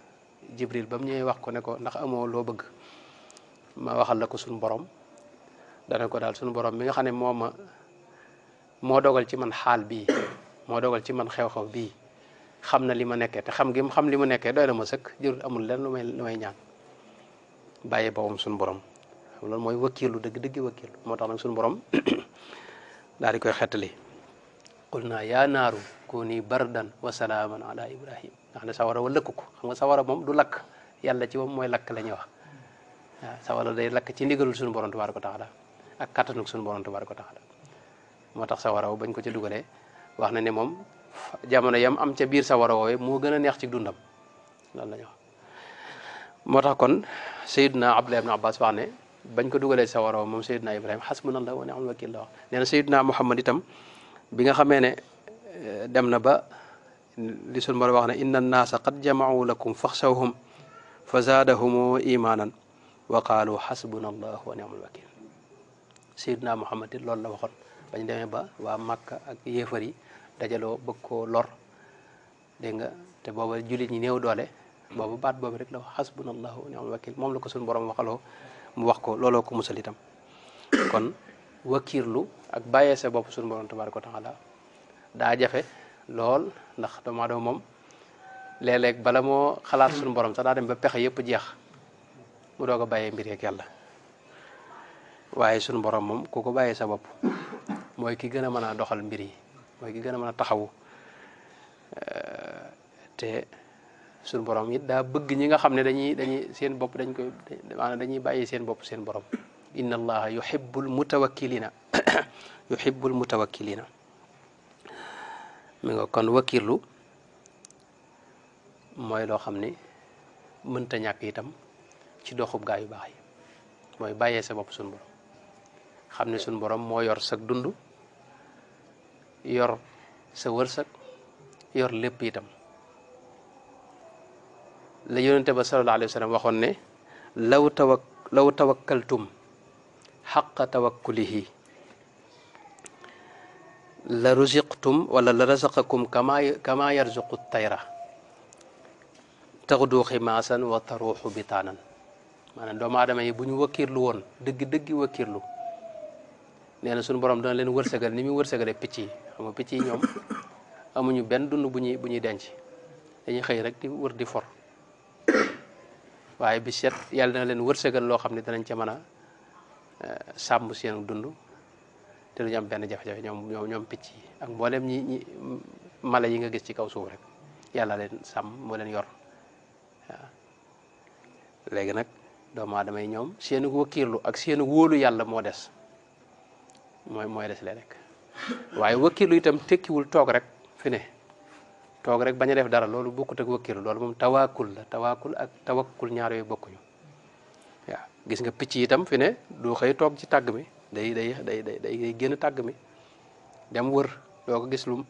Jibril ba mu ñëwee wax ko ne ko ndax amoo loo bëgg ma waxal la ko suñu borom dana ko daal suñu borom mi nga xam ne moo ma moo dogal ci man xaal bii moo dogal ci man xew-xew bii xam na li ma nekkee te xam gi xam li ma nekkee doy na ma sëkk jërul amul lenn lu may lu may ñaan bàyyi boppam suñu borom loolu mooy wakkiilu dëgg dëgg wakkiilu moo tax nag suñu borom [coughs] koy xettali qul naa yaa naaru kuuni bardan wa salaaman ala ibrahim nga xam ne sawara wa lëkk ko xam nga sawara moom du lakk yàlla ci moom mooy lakk la ñuy wax waaw sawara day lakk ci ndigalul suñu borom tabaaraka wa taala ak kattanuk suñu borom tabaaraka wa taala moo tax sawara bañ ko ci dugalee waxna na ne moom jamono yam am ci bir sa waro moo mo a neex ci dundam lan lañ wax motax kon Seydina Abdullah ibn Abbas waxne ne bañ ko sa waro mom Seydina ibrahim hasbunallahu wa ni'mal wakeel la wax nee na Muhammad itam bi nga xamé ne dem na ba li sun borom wax inna an-nas qad jama'u lakum fakhshawhum fazadahum imanan imaanan wa qaalu xasbunallah wa ni'mal wakiil Seydina Muhammad it la waxoon bañ démé ba waa makka ak yéfer yi dajalo bëkk lor dé nga té bobu julit ñi néw doolé bobu baat bobu rek la wax hasbunallahu wa ni'mal wakil mom la ko sun borom waxalo mu wax ko lolo ko musal kon wakirlu ak baye sa bopp sun borom tabaraku taala da jafé lol ndax dama do mom léeg bala mo xalaat sun borom sa da dem ba pexé yépp jeex mu doog a koko mbir yeeg yalla waye sun borom mom kuko sa bop mooy ki gën a mën a doxal mbir yi mooy ki gën a mën a taxawu eh, te suñu borom it daa bëgg ñi nga xam ne dañuy dañuy seen bopp dañ koy maanaam dañuy bàyyi seen bopp seen borom inna allaha yuhibbul mutawakkilina [coughs] yuhibbul mutawakkilina mi nga kon wakirlu mooy loo xam ne mënta ñàkk itam ci doxub gaa yu baax yi mooy bàyyee sa bopp suñu borom xam suñu borom moo yor sag dund yor sa wërsëg yor lépp itam la yonente ba sallallahu alayhi wa waxoon ne law tawak law tawakkaltum xaqa tawakkulihi la rusiqtum wala la rasaqakum kama kama yarzuqu tayra taxdu ximaasan wa taruuxu bitaanan maanaam doomu aadama yi bu ñu wakiirlu woon dëgg dëgg wakiirlu nee na suñu borom dana leen wërsëgal ni muy wërsëgale picc yi xam nga picc yi ñoom [coughs] amuñu benn dund bu ñuy bu ñuy denc dañuy xëy rek di wër di for [coughs] waaye bi set yàlla dana leen wërsëgal loo xam ne danañ ca mën a eh, sàmm seenu dund te duñu am benn jafe-jafe ñoom ñoom picc yi ak mboolem ñi ñi mala yi nga gis ci kaw suuf rek yàlla leen sàmm moo leen yor waaw léegi nag doomu aadama yi ñoom seenu wakiirlu ak seenu wóolu yàlla moo des mooy mooy des lee rek waaye wakkilu itam tekkiwul toog rek fine toog rek bañ def dara loolu bokkut ak wakkilu loolu moom tawaakul la tawaakul ak tawakkul ñaar yooyu bokkuñu gis nga picc yitam fi ne du xëy toog ci tàgg mi day day day day day génn tàgg mi dem wër doo ko gis lu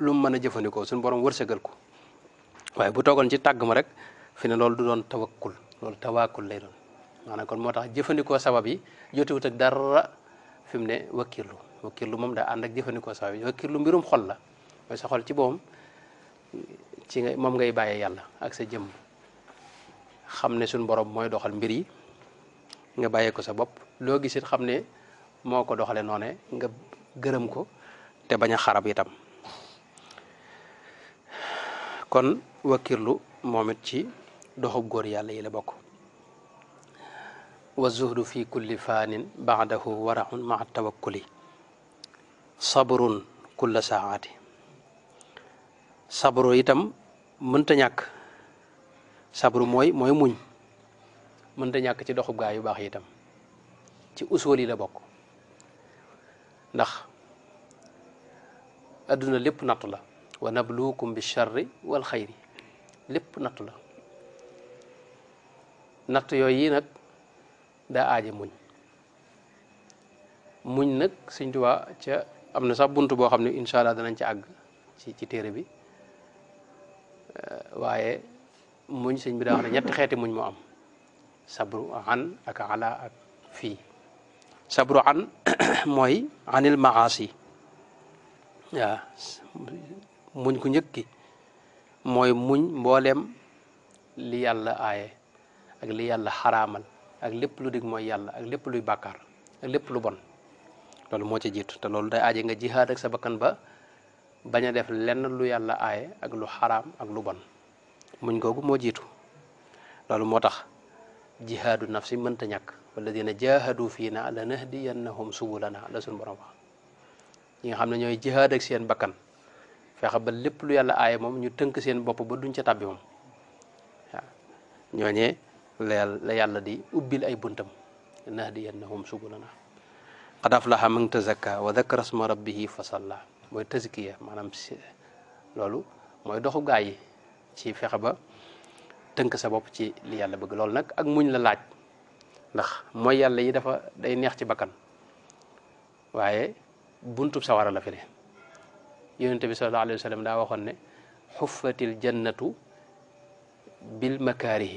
lu mën a jëfandikoo suñu borom wërsëgal ko waaye bu toogoon ci tàgg ma rek fi loolu du doon tawakkul loolu tawaakul lay doon maanaam kon moo tax jëfandikoo sabab yi jotewut ak dara fi mu ne wakkilu wakkirlu moom daal ànd ak jëfandikoo sabab yi wakkirlu mbirum xol la mooy sa xol ci boom ci nga moom ngay bàyyee yàlla ak sa jëmm xam ne suñ borom mooy doxal mbir yi nga bàyyee ko sa bopp loo gisit xam ne moo ko doxale noone nga gërëm ko te bañ a xarab itam kon wakkirlu moom ci doxub góor yàlla yi la bokk wa zuhdu fi kulli faanin baadahu waraxun maa tawakkuli sabrun kulla saati sabru itam mënta ñàkk sabru mooy mooy muñ mënta ñàkk ci doxub gaa yu baax itam ci usool yi la bokk ndax adduna lépp nattu la wa lu bi charri wal xayri lépp nattu la natt yooyu yi nag daa aaje muñ muñ nag Sëñ Tuubaa ca am na sax bunt boo xam ne incha allah danañ ci àgg ci ci téere bi eh, waaye muñ sëñ bi daa ñetti xeeti muñ moo am sabru an ak ala ak fii sabru an [coughs] mooy anil maasi waaw muñ ku njëkk mooy muñ mbooleem li yàlla aaye ak li yàlla xaraamal ak lépp lu dig mooy yàlla ak lépp luy bàkkaar ak lépp lu bon loolu moo ci jiitu te loolu day aaje nga jihaad ak sa bakkan ba bañ a def lenn lu yàlla aaye ak lu xaraam ak lu bon muñ googu moo jiitu loolu moo tax jihaadu nafsi mënta ñàkk walladina jahadu fii na lanahdiyannahum subulana la suñu borom wax ñi nga xam ne ñooy jihaad seen bakkan fexe ba lépp lu yàlla aaye moom ñu tënk seen bopp ba duñ ca tàbbi moom la la di ubbil ay buntam lanahdiyannahum subulana قد أفلح من تزكى وذكر اسم ربه فصلى موي تزكيه مانام لولو موي دوخو غاي تي فخبا تنك سا بوب تي لي يالا بغ لول نك اك موغن لا لاج نخ موي يالا يي دافا داي نيه تي بكان وايي بونتو سوارا لا فيلي يونت بي صلى الله عليه وسلم دا واخون ني حفت الجنه بالمكاره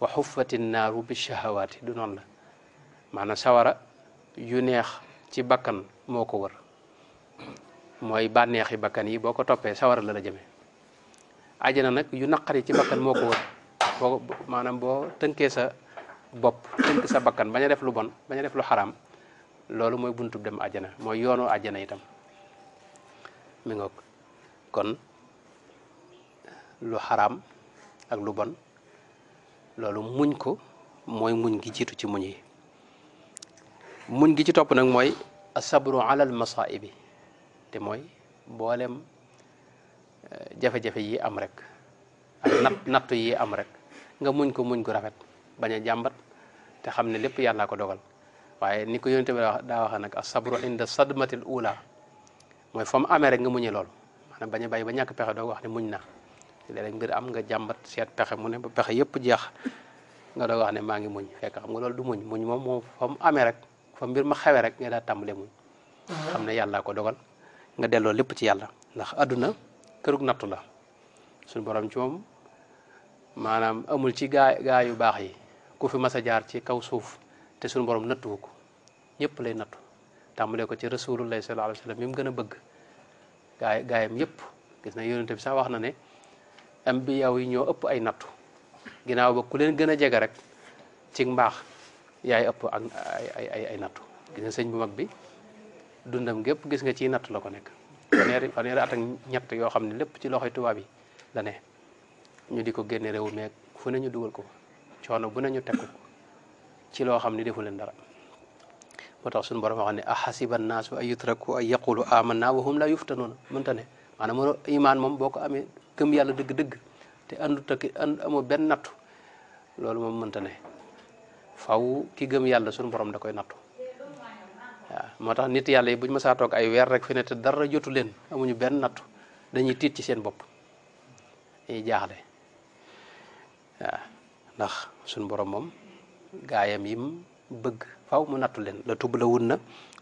وحفت النار بالشهوات دونون لا معنى سواره yu neex ci bakkan moko ko wër mooy bànneexi bakkan yi boko topé toppee sawara la la jëme aljana nak yu nakari ci bakkan moko wër boo maanaam boo sa bop teunk sa bakkan baña def lu bon baña def lu haram lolu moy buntu dem aljana moy yoonu aljana itam mi ngok kon lu haram ak lu bon lolu muñ ko moy muñ gi jitu ci muñ yi muñ gi ci topp nag mooy asabru alal masaibi te mooy boolem eh, jafe-jafe yi am rek ak natt nattu yi am rek nga muñ ko muñ ko rafet bañ a jàmbat te xam ne lépp yàllaa ko dogal waaye ni ko yonent bi daa waxe nag asabru inda sadmatil ula mooy fa mu amee rek nga muñee loolu maanaam bañ a ba ñàkk pexe doog wax ne muñ na léeg-léeg mbir am nga jàmbat seet pexe mu ne ba pexe yëpp jeex nga doog wax ne maa ngi muñ fekk xam nga loolu du muñ muñ moom moom fa mu amee rek fa mbir ma xawee rek nga daal tàmbalee muñ xam ne yàllaa ko dogal nga delloo lépp ci yàlla ndax àdduna kërug nattu la suñu boroom ci moom maanaam amul ci gaa gaa yu baax yi ku fi mas a jaar ci kaw suuf te suñu borom nattuwu ko ñëpp lay nattu tàmbalee ko ci rasulullahi sallallahu alayhi wa sallam mi mu gën a bëgg gaay gaayam yëpp gis na yonente bi sax wax na ne ambiyaw yi ñoo ëpp ay nattu ginnaaw ba ku leen gën a jege rek ci mbaax yaay ëpp ak ay ay ay nattu gis sëñ bu mag bi dundam gépp gis nga ci nattu la ko nekk faneeri faneeri at ñett yoo xam ne lépp ci loxoy tubaab yi la ne ñu di ko génne réew meeg fu ne ñu dugal ko coono bu ne ñu teg ci loo xam ne defu leen dara moo tax suñu borom wax ne ahasiba naasu ay yutraku a yaqulu amanna wa hum la noonu mënta ne maanaam mo imaan moom boo ko amee gëm yàlla dëgg-dëgg te andu takki and amoo benn nattu loolu moom mënta ne faw ki gëm yàlla suñu borom da koy nattu moo tax nit yàlla yi buñu mësaa toog ay weer rek fi ne te dara jotu leen amuñu benn nattu dañuy tiit ci seen bopp dañuy jaaxle ndax suñu borom moom gaayam yim bëgg faw mu nattu leen la tublawunna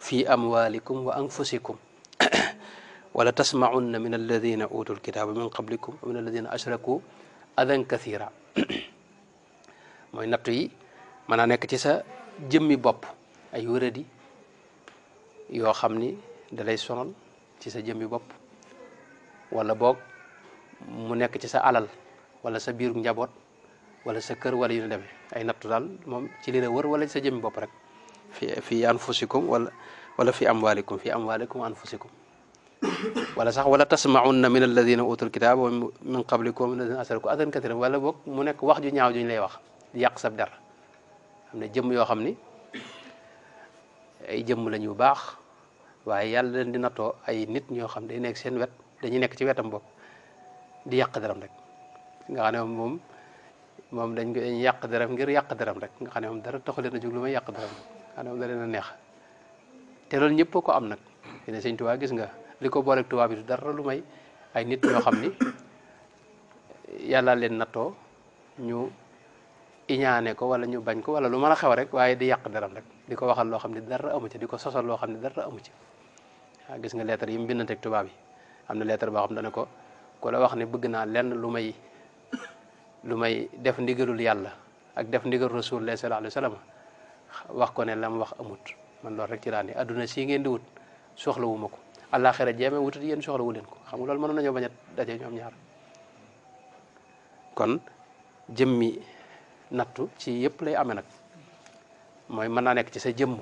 fii amwalikum wa anfusikum [coughs] wala tasmaunna min alladina utul kitaaba min qablikum wa min alladina ashraku adan kathira [coughs] mooy nattu yi mën nek ci sa jëmmi bop ay wëreedi yo xamni ni da lay sonal ci sa jëmmi bop wala bok mu nek ci sa alal wala sa biiru njabot wala sa kër wala yu ne demee ay nattu dal mom ci li la wër wala ci sa jëmmi bop rek fi fi anfusikum wala wala fi amwalikum fi amwalikum anfusikum wala sax wala tasma'un min alladhina utul kitaba min qablikum alladhina asraku adan katiran wala bok mu nek wax ju ñaaw juñ lay wax yàq sab am na jëmm yoo xam ni ay jëmm lañu baax waaye yàlla leen di nattoo ay nit ñoo xam day nekk seen wet dañuy nekk ci wetam bopp di yàq deram rek nga xam ne moom moom dañ ko dañ yàq deram ngir yàq deram rek xam ne moom dara taxu leen a jóg lu may yàq deram nga a neex te loolu ñëpp ko am nag fi ne sëñ gis nga li ko booleeg Tuubaa bi du lu may ay nit ñoo xam ni yàlla leen nattoo ñu iñaane ko wala ñu bañ ko wala lu mën a xew rek waaye di yàq deram rek di ko waxal loo xam ne dara amu ci ko sosal xam ne dara amu gis nga lettre yi mu bindanteeg tubaab yi am na lettre boo xam ne dana ko ku wax ne bëgg naa lenn lu may lu may def ndigalul yàlla ak def ndigal rasul sallallahu alayhi wa sallam wax ko ne la mu wax amut man loolu rek ci laa ne adduna sii ngeen di wut soxlawu ma ko àllaaxira jeeme wutut yéen soxlawu leen ko xam nga loolu mënoon nañoo bañ a daje ñoom ñaar kon jëmmi Natu, ci yépp lay amé nak moy mëna nek ci sa jëm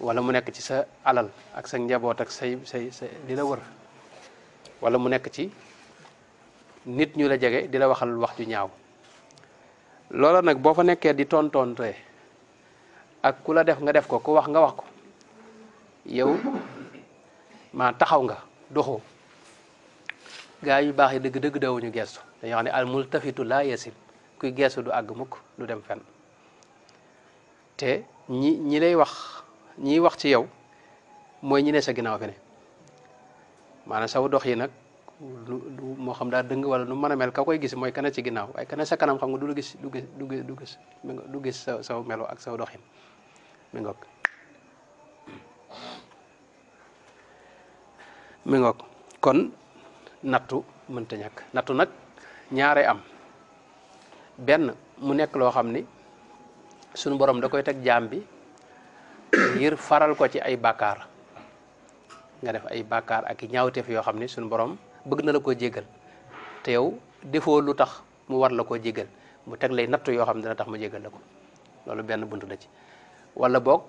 wala mu nek ci sa alal ak sa njabot ak say say di la wër wala mu nek ci nit ñu la jege di la waxal wax ju ñaaw loolu nak bo fa nekké di tontontee ak kula def nga def ko ku wax nga wax ko yow ma taxaw nga doxo gaay yu baax yi deug deug dawuñu ñu gesso dañu xani al multafitu la yasim kuy du àgg mukk du dem fenn te ñi ñi lay wax ñiy wax ci yow mooy ñi ne sa ginnaaw fi ne maanaam dox yi nag lu moo xam daal dëng wala nu mën a mel ka koy gis mooy kana ci ginnaaw waaye kana sa kanam xam nga du gis du gis du gis du gis du gis saw melo ak sawdoxin doxin mi ngoog mi ngoog kon nattu mënta ñàkk nattu nag ñaare am benn mu nekk loo xam ni sunu borom da koy teg jaam bi ngir faral ko ci ay bakkaar nga def ay bàkkaar ak ñaawteef yoo xam ni sunu borom bëgg na la ko jéggal te yow defoo lu tax mu war la koo jéggal mu teg lay nattu yoo xam ne dina tax mu jéggal la benn buntu la ci wala boog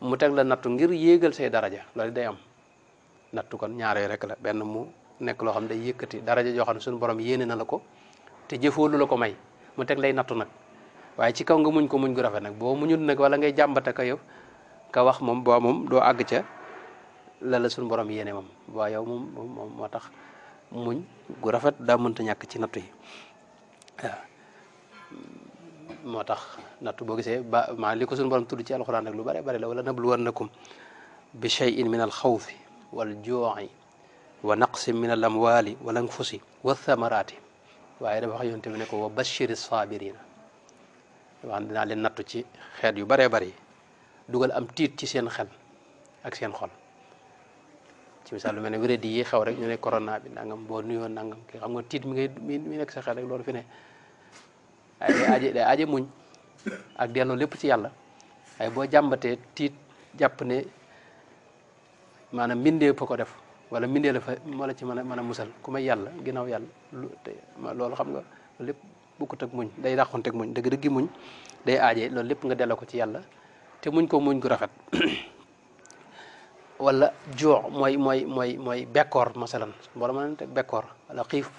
mu teg la nattu ngir yéegal say daraja loolu day am nattu kon ñaar yooyu rek la benn mu nekk loo xam day yëkkati daraja joo xam ne sunu borom yéene na la ko te jëfoo lu la ko may. mu tek lay natou nak way ci kaw nga muñ ko muñ gu rafet nak bo muñul nak wala ngay jambata ka yow ka wax mom bo mom do ag ca la la sun borom yene mom waa yow mom moom muñ gu rafet daa mënta ñak ci natou yi motax natou bo nattu ba li ko borom tuddu ci alxuraan nak lu bare bare la wala bi shay'in min wal ju'i wa naqsin min al amwaali wal anfusi wath thamarati waaye dafa wax yonte bi ne ko wa bashiri sabirina wax dinaa leen nattu ci xeet yu baree bari dugal am tiit ci seen xel ak seen xol ci misaal lu mel ne wéradi yi xew rek ñoo ne corona bi nangam boo nuyoo nangam ki xam nga tiit mi ngay mi nekk sa xel rek loolu fi ne aje muñ ak delloo lépp ci yàlla waaye boo jàmbatee tiit jàpp ne maanaam mbindee fa ko def wala la fa mo la ci mën a musal ku may yàlla ginnaaw yàlla loolu xam nga bu ko tek muñ day dàqonte ak muñ deug dëggi muñ day aajee loolu lepp nga delako ci yalla te muñ ko muñ gu rafet [coughs] wala joo moy moy moy moy bekor masalan bo la tek bekor wala xif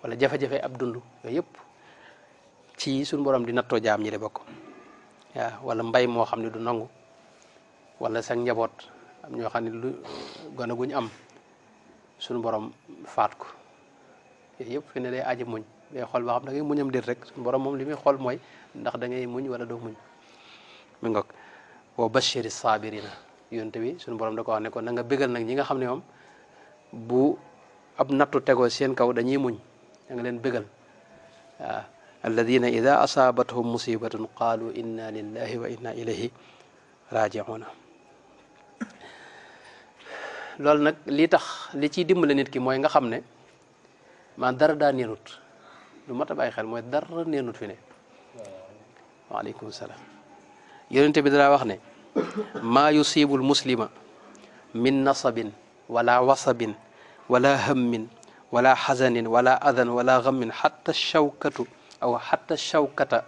wala jafé jafé ab dundu yooyu ci sun borom di natto jam ñi le bokk ya wala mbay mo xamni du nangu wala sax njabot am ñoo xamni lu gone guñ am suñu borom faat ko yooyu yëpp fi ne day aji muñ day xool ba xam da ngay muñam déet rek suñu borom moom li muy xool mooy ndax da ngay muñ wala doo muñ mi ngoog wa bashiri saabirina yonte bi suñu borom da ko wax ne na nga bégal nag ñi nga xam ne moom bu ab nattu tegoo seen kaw dañuy muñ da nga leen bégal waaw alladina ida asaabathum musibatun qaalu inna lillahi wa inna ilayhi raajiuna loolu nak li tax li ci dimbale nit ki moy nga xamne ne dara da neenut lu mata bay xel moy dara neenut fi ne wa alaykum salaam yonente bi dara wax ne ma yusibul muslima min nasabin wala wasabin wala hammin wala hazanin wala adan wala ghammin hatta ash shawkatu aw hatta ash shawkata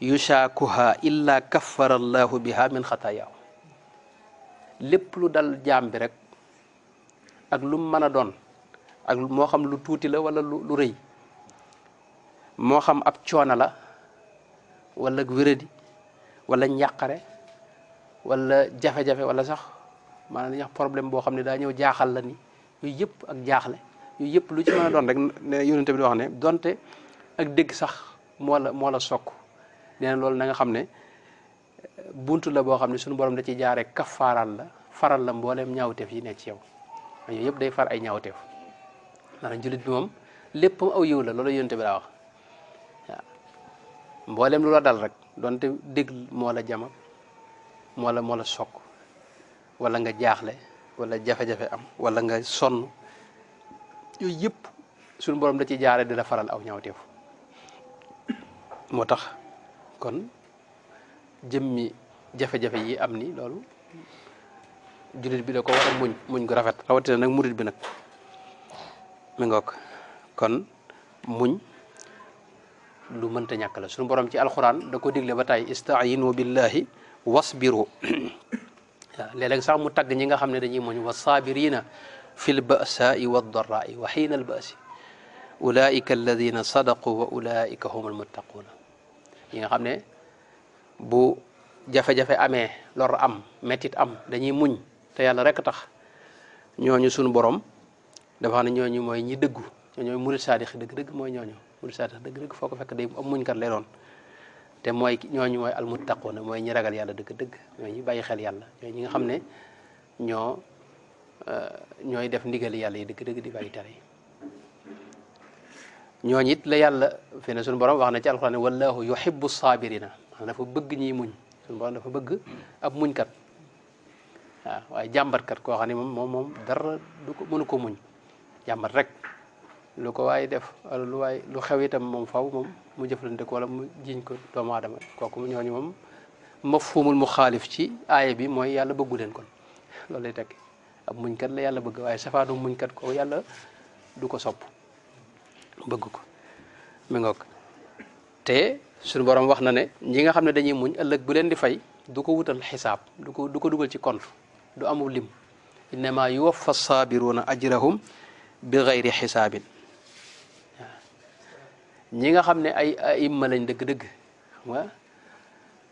yushakuha illa kaffara allahu biha min khataya lépp lu dal jambi rek ak lu mu mën a doon ak moo xam lu tuuti la wala lu rëy moo xam ab coona la wala wéradi wala njàqare walla jafe-jafe wala sax maanaam li ñuy wax problème boo xam ne daa ñëw jaaxal la ni yooyu yëpp ak jaaxle yooyu yëpp lu ci mën rek ne yonente bi di wax ne donte ak dégg sax moo la moo la sokk nee loolu na nga xam ne bunt la boo xam ne suñu borom da ci jaaree faral la faral la mbooleem ñaawteef yi ne ci yow yooyu yëpp day far ay ñaawteef maanaam jullit moom lépp aw yiw la loolu yonent bi daa wax mboolem lu la dal rek donte dégg moo la jama moo sook moo wala nga jaaxle wala jafe-jafe am walla nga sonn yooyu yëpp suñu borom da ci jaare di la faral aw ñaawteef moo tax kon jëmmi jafe-jafe yi am ni loolu jullit bi da ko wara muñ muñ gu rafet rawati nak murit bi nak mi ngok kon muñ lu mënta ñak la suñu borom ci alquran da ko digle ba tay istaeenu billahi wasbiru waaw leeg sax mu tag ñi nga xamne dañuy muñ wasabirina fil ba'sa'i wad wadaraai wa hina al albaasi ulaika alladhina sadaqu wa ulaika humul muttaqun yi nga xamne bu jafe-jafe amé lor am metit am dañuy muñ te yàlla rek tax ñooñu suñu borom dafa xam ne ñooñu mooy ñi dëggu ñooñu murid saadix dëgg-dëgg mooy ñooñu murid saadix dëgg-dëgg foo ko fekk day am muñkat lay doon te mooy ñooñu mooy almuttaquuna mooy ñi ragal yàlla dëgg-dëgg ñooy ñi bàyyi xel yàlla ñooy ñi nga xam ne ñoo euh, ñooy def ndigali yàlla yi dëgg-dëgg di bàyyi tere it la yàlla fi ne borom wax na ci alxuraan wallahu yuhibbu saabirina dafa bëgg ñiy muñ suñu borom dafa bëgg ab muñkat waaw waaye jàmbarkat koo xam ne moom moom moom dara du ko mënu ko muñ jàmbat rek lu ko waaye def wala lu waaye xew itam moom faw moom mu jëflante ko wala mu jiñ ko doomu aadama kooku moom mafhumul mu xaalif ci aaya bi mooy yàlla bëggu leen kon loolu lay tekki ab muñkat la yàlla bëgg waaye safaanu muñkat ko yàlla du ko sopp bëgg ko mi ngoog te suñu borom wax na ne ñi nga xam ne dañuy muñ ëllëg bu leen di fay du ko wutal xisaab du ko du ko dugal ci compte دو امو لم انما يوفى الصابرون اجرهم بغير حساب نيغا خامني اي ائمه لا دغ دغ وا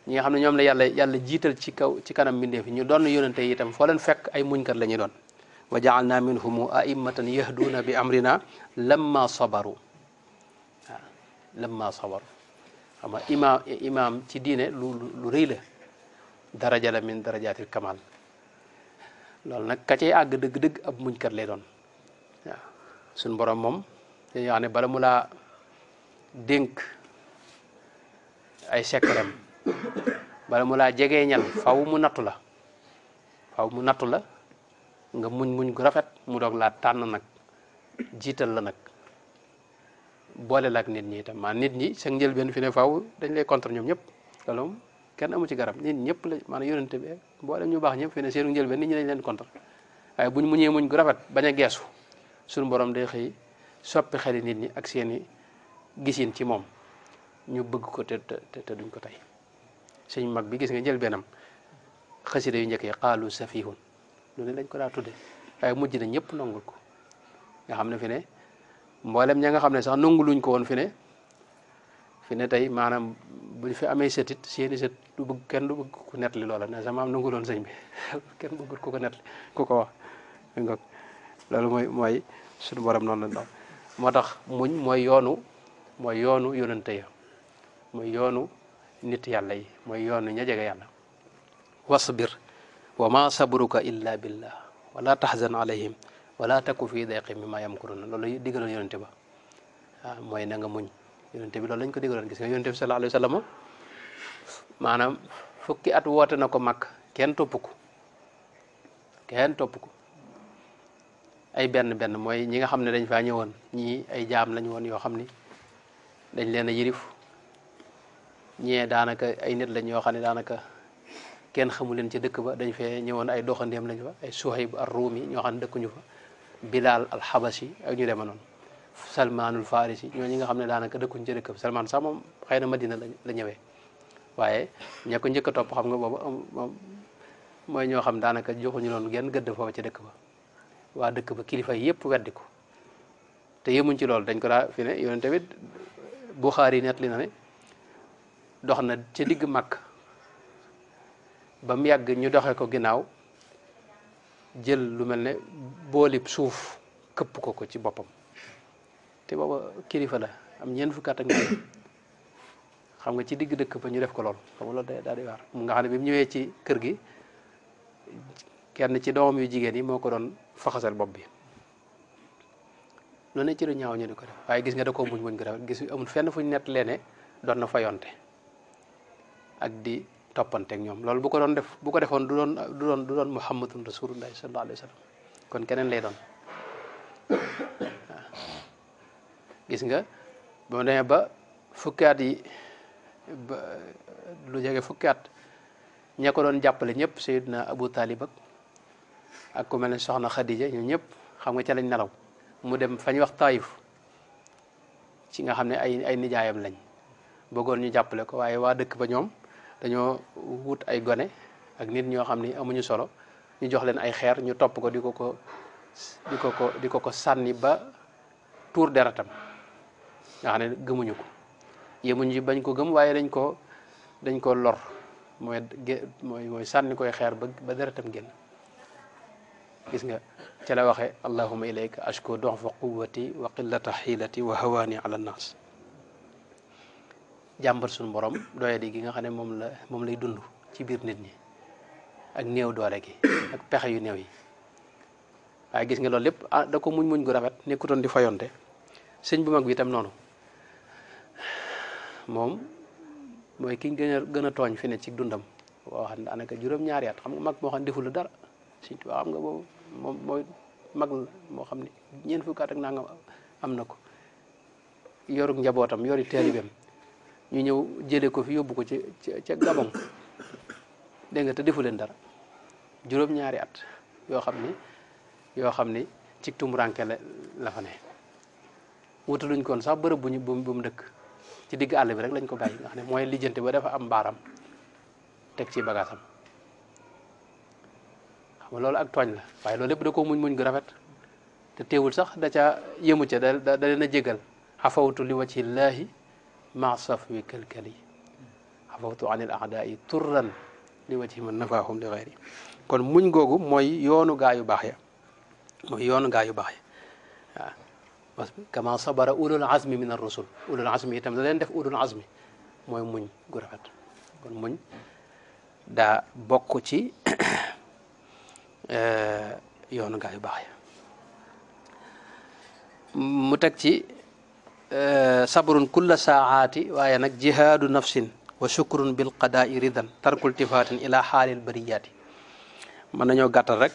نيغا خامني نيوم لا يالا يالا جيتال سي كاو سي كانام مينديف ني دون يونتي ايتام فولن فك اي مونكر لا ني دون وجعلنا منهم ائمه يهدون بامرنا لما صبروا لما صبر اما امام امام سي دينه لو ري لا درجه من درجات الكمال loolu nag ka cay àgg dëgg-dëgg ab muñkat lay doon suñ boroom moom dañuy wax ne bala mu laa dénk ay sekkaram bala mu laa jege ñal faw mu nattu la faw mu nattu la nga muñ muñ gu rafet mu doog laa tànn nag jiital la nag boole la ak nit ñi itam maa nit ñi sa njëlbeen fi ne faw dañ lay contre ñoom ñëpp loolu kenn amu ci garab nit ñëpp la maanaam yonente bi mboolem ñu baax ñëpp fi ne seenu njëlbeen nit ñi lañ leen contre waaye buñ muñee muñ gu rafet bañ a geesu suñu borom day xëy soppi xeli nit ñi ak seeni gisin ci moom ñu bëgg ko te duñ ko tey sëñ mag bi gis nga njëlbeenam xasida yu njëkk yi xaalu safihun loolu lañ ko daa tudde waaye mujj na ñëpp nongul ko nga xam ne fi ne mboolem ña nga xam ne sax nonguluñ ko woon fi fi ne tey maanaam bu fi amee sëtit seeni sët du bëgg kenn du bëgg ku nettali loola ne sama am nangu loon sëñ bi [laughs] kenn bëggut ku ko nettali ku ko wax ngok mooy mooy suñu borom noonu la ndaw moo tax muñ mooy yoonu mooy yoonu yonante ya yoonu nit yàlla yi mooy yoonu ña jege yàlla wasbir wa ma sabruka illa billah wala tahzan alayhim wala taku fi dayqi mimma yamkuruna loolu digaloon yonante ba waaw ah, mooy na nga muñ yonente bi loolu lañ ko digaloon gis nga yonente bi sallallahu alayhi fukki at woote na ko mag kenn topp ko kenn topp ko ay benn benn mooy ñi nga xam ne dañ faa ñëwoon ñi ay jaam lañ woon yoo xam ni dañ leen a yërif ñee daanaka ay nit lañ yoo xam ne daanaka kenn xamu leen ci dëkk ba dañ fee ñëwoon ay doxandeem lañ fa ay Suhayb ar-Rumi ñoo xam ne dëkkuñu fa Bilal al-Habashi ak ñu demee noonu salmaanul farisi ñoo ñi nga xam ne daanaka dëkkuñ ci dëkkam salmaan sax moom xëy na dina la ñëwee waaye ña ko njëkk topp xam nga boobu mooy ñoo xam daanaka joxuñu loon genn gëdd foofa ci dëkk waa dëkk ba kilifa yëpp weddi ko ci loolu dañ ko daa fi ne yonent tamit Buxaari net li na ne dox na ca digg màkk ba mu yàgg ñu doxe ko ginnaaw jël lu mel ne booli suuf këpp ko ko ci boppam te booba kilifa la am ñeent fukki at ak xam nga ci digg dëkk ba ñu def ko lool xam nga loolu day daal di waar mu nga xam ne bi mu ñëwee ci kër gi kenn ci doomam yu jigéen yi moo ko doon faxasal bopp bi lu ne ci lu ñaaw ñu di ko def waaye gis nga da ko muñ muñ ko def gis amul fenn fu ñu nett leene doon na fayonte ak di toppanteeg ñoom loolu bu ko doon def bu ko defoon du doon du doon du doon muhammadun rasulullah sallallahu alayhi wa sallam kon keneen lay doon gis nga boo demee ba fukki yi ba lu jege fukki ña ko doon jàppale ñëpp sayidna abu talib ak ak ku mel ne soxna xadija ñu ñëpp xam nga ca lañ nelaw mu dem fañ wax taif ci nga xam ne ay ay nijaayam lañ bëggoon ñu jàppale ko waaye waa dëkk ba ñoom dañoo wut ay gone ak nit ñoo xam ni amuñu solo ñu jox leen ay xeer ñu topp ko di ko ko di ko ko di ko ko sànni ba tour deratam nga xam ne gëmuñu ko yemuñ ci bañ ko gëm waaye dañ ko dañ ko lor mooy mooy mooy sànni koy xeer ba ba deretam génn gis nga ci la waxe allahuma ilayka ashku duxfa quwati wa qillata xilati wa hawani ala nas. jàmbar sun borom doye di gi nga xam ne moom la moom lay dund ci biir nit ñi ak néew doole gi ak pexe yu yi gis nga ah, da ko muñ muñ gu rafet di fayonte sëñ bu mag nono. moom mooy ki ñu gën a tooñ fi ne ci dundam boo ne daanaka juróom-ñaari at xam nga mag moo xam ne deful dara Sëñ Tuubaa xam nga boobu moom mooy mag moo xam ne ñeent fukki at am na ko yoruk njabootam yori taalibeem ñu ñëw jële ko fi yóbbu ko ci ca Gabon nga te defu leen dara juróom-ñaari at yoo xam ne yoo xam ne ci tumuraanke la la fa ne wutaluñ koon sax bërëb bu ñu bu mu dëkk ci digg àll bi rek lañ ko bàyyi nga xam ne mooy lijjante ba dafa am baaram teg ci bagaasam xam nga loolu ak tooñ la waaye loolu lépp da ko muñ muñ gu rafet te teewul sax da ca yëmu ca da da leen a jégal xafawtu li wacci llahi ma wi kalkali xafawtu anil aadai turran li wacci man nafaahum li kon muñ googu mooy yoonu gaayu baax ya mooy yoonu gaayu ya كما صبر اول العزم من الرسل أولو العزم يتم لين دف أولو العزم موي موني غرافات كون موني دا بوكو تي ا آه، يونو غاي باخ مو تك تي ا آه، صبر كل ساعات وايا نك جهاد نفس وشكر بالقضاء رضا ترك التفات الى حال البريات من نيو غاتال رك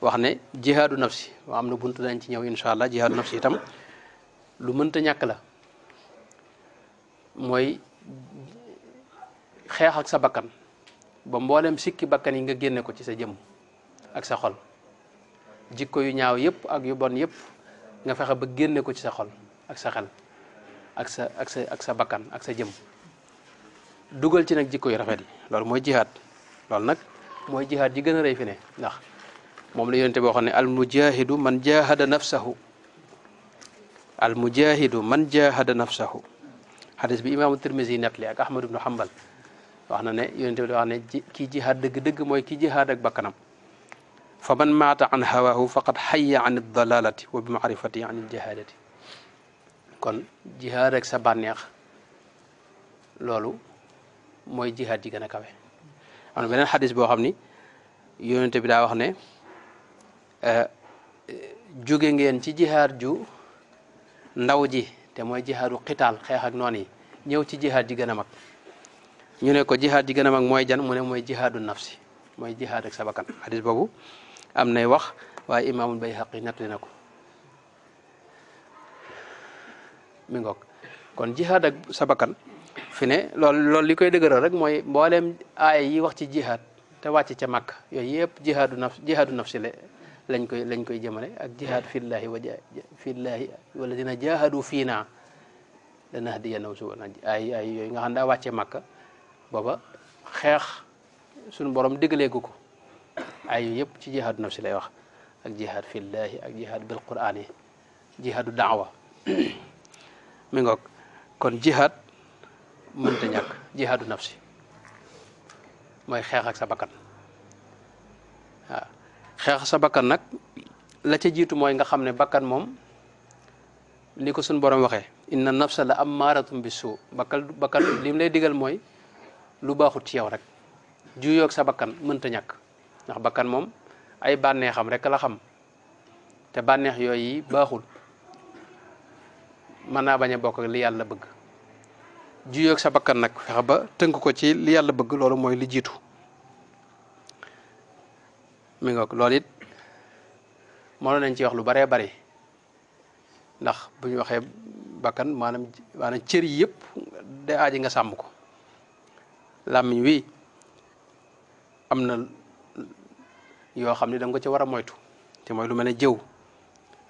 wax ne jihaadu nafsi am na bunt dañ ci ñëw incha allah jihaadu nafsi itam lu mënta ñàkk la mooy xeex ak sa bakkan ba mbooleem sikki bakkan yi nga génne ko ci sa jëm ak sa xol jikko yu ñaaw yëpp ak yu bon yëpp nga fexe ba génne ko ci sa xol ak sa xel ak sa ak sa bakkan ak sa jëm dugal ci nag jikko yu rafet yi loolu mooy jihaad loolu nag mooy jihaad ji gën a rey fi ne ndax mom la yonente bo xamne al mujahidu man jahada nafsahu al mujahidu man jahada nafsahu hadith bi imaamu tirmidhi nettali ak ahmad ibn hanbal waxna ne yonente bi waxne ki jihad deug deug moy ki jihad ak bakanam fa man maata an hawahu faqad hayya an ad dalalati wa bi ma'rifati an al-jahadati kon jihad ak sa banex lolou moy jihad ji gëna kawe amna benen hadith bo xamni yonente bi da wax ne Eh, jóge ngeen ci jihaad ju ndaw ji te mooy jihaadu xitaal xeex noon yi ñëw ci jihaad ji gën a mag ñu ne ko jihaad ji gën mag mooy jan mu ne mooy jihaadu nafsi mooy jihaad ak sabakan xadis boobu am nay wax waaye imaamul bayhaqi nettali na ko mi ngoog kon jihaad ak sabakan fi ne loolu loolu li koy dëgëral rek mooy mbooleem aaya yi wax ci jihaad te wàcc ca màkk yooyu yëpp jihaadu naf jihaadu nafsi la lañ koy lañ koy jëmale ak jihaad fillaahi wa fillaahi walladina jahadu fii naa lanahdiyanahum subulanaa ay ay yooyu nga xam daa wàccee màkka booba xeex suñu boroom digaleegu ko ay yooyu yëpp ci jihaadu nafsi lay wax ak jihaad fillaahi ak jihaad bil quraan yi jihaadu daawa [coughs] mi ngoog kon jihaad mënta ñàkk jihaadu nafsi mooy xeexak ak sa bakkan xex sa bakkan nak la ca jitu moy nga xamne ne bakkan mom liko sun borom waxe inna nafsa la amaratun bisu bakal bakkal bakkan lim lay digal moy lu baaxut ci yow rek yok sa bakkan ta ñak ndax bakkan mom ay banexam rek la xam te bànneex yooyu yi mën mana baña bok ak li yalla bëgg yok sa bakkan nak fexe ba tënk ko ci li yalla bëgg lolu moy li jitu mi nga ko lolit mënoon nañ ci wax lu bare bari ndax buñ ñu waxee bakkan manam maanaam cër yépp yëpp aaji nga sam ko làmmiñ wi amna yo xamni dang ko ci wara moytu te moy lu mel jëw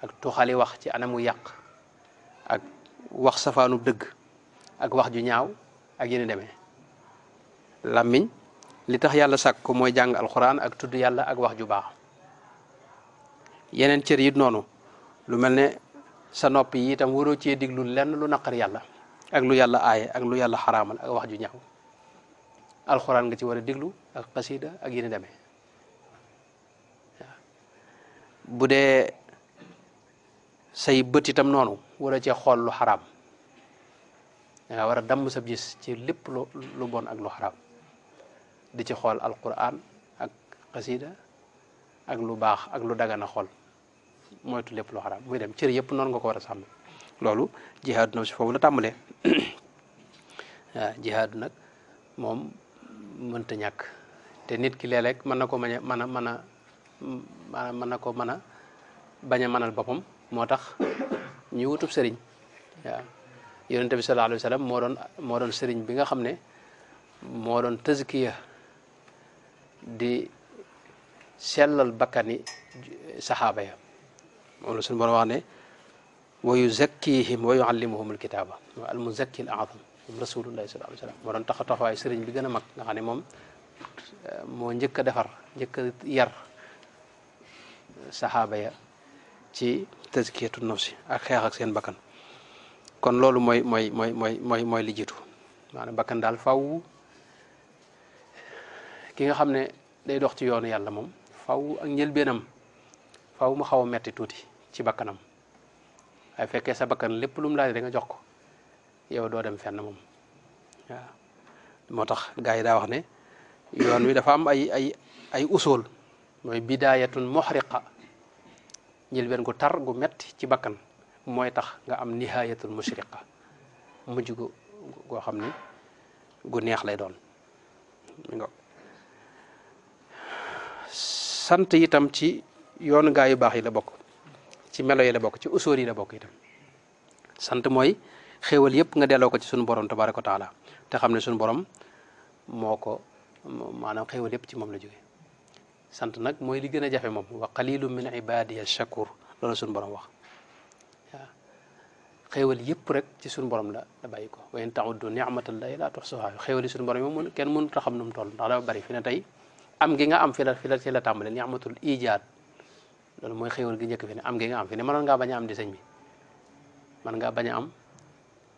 ak tuxali wax ci anamu yaq ak wax safanu deug ak wax ju ñaaw ak yene demee làmmiñ li tax yàlla sàkk ko mooy jàng alquran ak tudd yàlla ak wax ju baax yeneen cër yi noonu lu mel ne sa nopp yi itam waroo cee diglu lenn lu naqar yàlla ak lu yàlla aaye ak lu yàlla xaraamal ak wax ju ñaaw alquran nga ci war diglu ak Qasida ak yéen demee bu dee say bët itam noonu war a cee xool lu xaraam da nga war a damm sa gis ci lépp lu bon ak lu xaraam di ci xol alquran ak qasida ak lu bax ak lu dagana moy tu lepp lu xaraam muy dem jihad yep non nga ko wara sam lolu jihad no mana la tambale [coughs] ah, jihad nak mom mën ta ñak te nit ki léeg man nako na ko mana mana mën ko ñu wutub sëriñ ya yaronte bi sallallahu alaihi wasallam mo don mo don bi nga mo don di sellal bakkani saxaaba ya moom la suñu borom wax ne wa yuzakkihim wa yuallimuhum alkitaaba al muzakki al aazam moom rasulullahi sallallahu alayhi wa sallam moo doon taxa taxawaay sëriñ bi gën a mag nga xam ne moom moo njëkk a defar njëkk a yar saxaaba ya ci tazkiyatu nafsi ak xeex ak seen bakkan kon loolu mooy mooy mooy mooy mooy mooy li jiitu maanaam bakkan daal faw ki nga xam ne day dox ci yoonu yàlla moom faw ak njëlbeenam faw mu xaw a metti tuuti ci bakkanam ay fekkee sa bakkan lépp lu mu laaj da nga jox ko yow doo dem fenn moom waaw moo tax gars yi daa wax ne yoon wi dafa am ay ay ay usul mooy bidayatun muhriqa njëlbeen gu tar gu metti ci bakkan mooy tax nga am nihayatul mushriqa mujj go goo xam ni gu neex lay doon mi sant itam ci yoonu gaa yu baax yi la bokk ci melo yi la bokk ci usóor yi la bokk itam sant mooy xéewal yëpp nga delloo ko ci suñu borom tabaaraka wa taala te xam ne suñu borom moo ko maanaam xéewal yépp ci moom la jógee sant nag mooy li gën a jafe moom wa qalilum min ibadiya shakur loolu suñu borom wax waaw xéewal yëpp rek ci suñu borom la la bàyyi ko wa in tauddu nicmatallahi laa tuxsuhaa xéewal yi suñu borom yi moom kenn mënut a xam nu mu toll ndax dafa bari fi ne tey am gi nga am fi la fi la ci la tàmbalee ni amatul ijad loolu moy xewal gi njëkk fi ni am gi nga am fi ni mënoon nga baña am di señ bi man nga baña am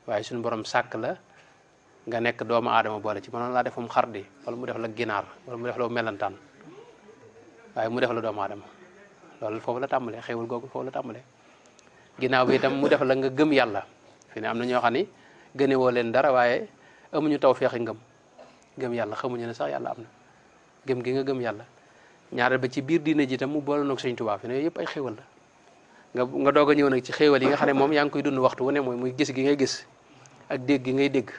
waye suñu borom sak la nga nek doomu aadama boole ci mënoon la defum xardi wala mu def la ginar wala mu def la melantan waye mu def la doomu adama loolu fofu la tambale xewal gogu fofu la tambale ginaaw bi tam mu def la nga gëm yalla. fi ni am na ñoo xam ni gënewoo leen dara waye amuñu taw ngëm gëm yalla xamuñu ne sax yalla amna gëm gi nga gëm yàlla ñaareel ba ci biir diine ji tam mu boole noog sëñ Tuubaa fi ne yëpp ay xéewal la nga nga doog a ñëw nag ci xéewal yi nga xam ne moom yaa ngi koy dund waxtu wu ne mooy muy gis gi ngay gis ak dégg gi ngay dégg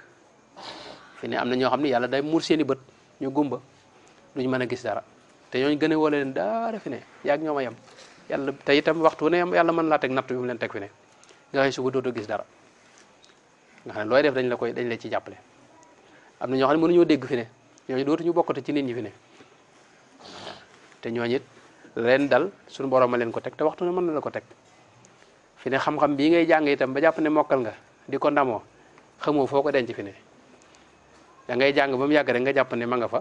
fi ne am na ñoo xam ne yàlla day muur seeni bët ñu gumba duñ mën a gis dara te ñooñu gën a woo leen daara fi ne yaa ngi ñoom te itam waxtu wu ne yàlla mën laa teg natt bi mu leen teg fi ne nga xëy suba dootoo gis dara nga xam ne looy def dañ la koy dañ la ci jàppale am na ñoo xam ne mënuñoo ñoo fi ne ñooñu dootuñu bokkati ci nit ñi fi ne te ñooñu it leen dal suñu borom a leen ko teg te waxtu ne mën na la ko teg fi ne xam-xam bii ngay jàng itam ba jàpp ne mokkal nga di ko ndamoo xamoo foo ko denc fi ne da jàng ba mu yàgg rek nga jàpp ne ma nga fa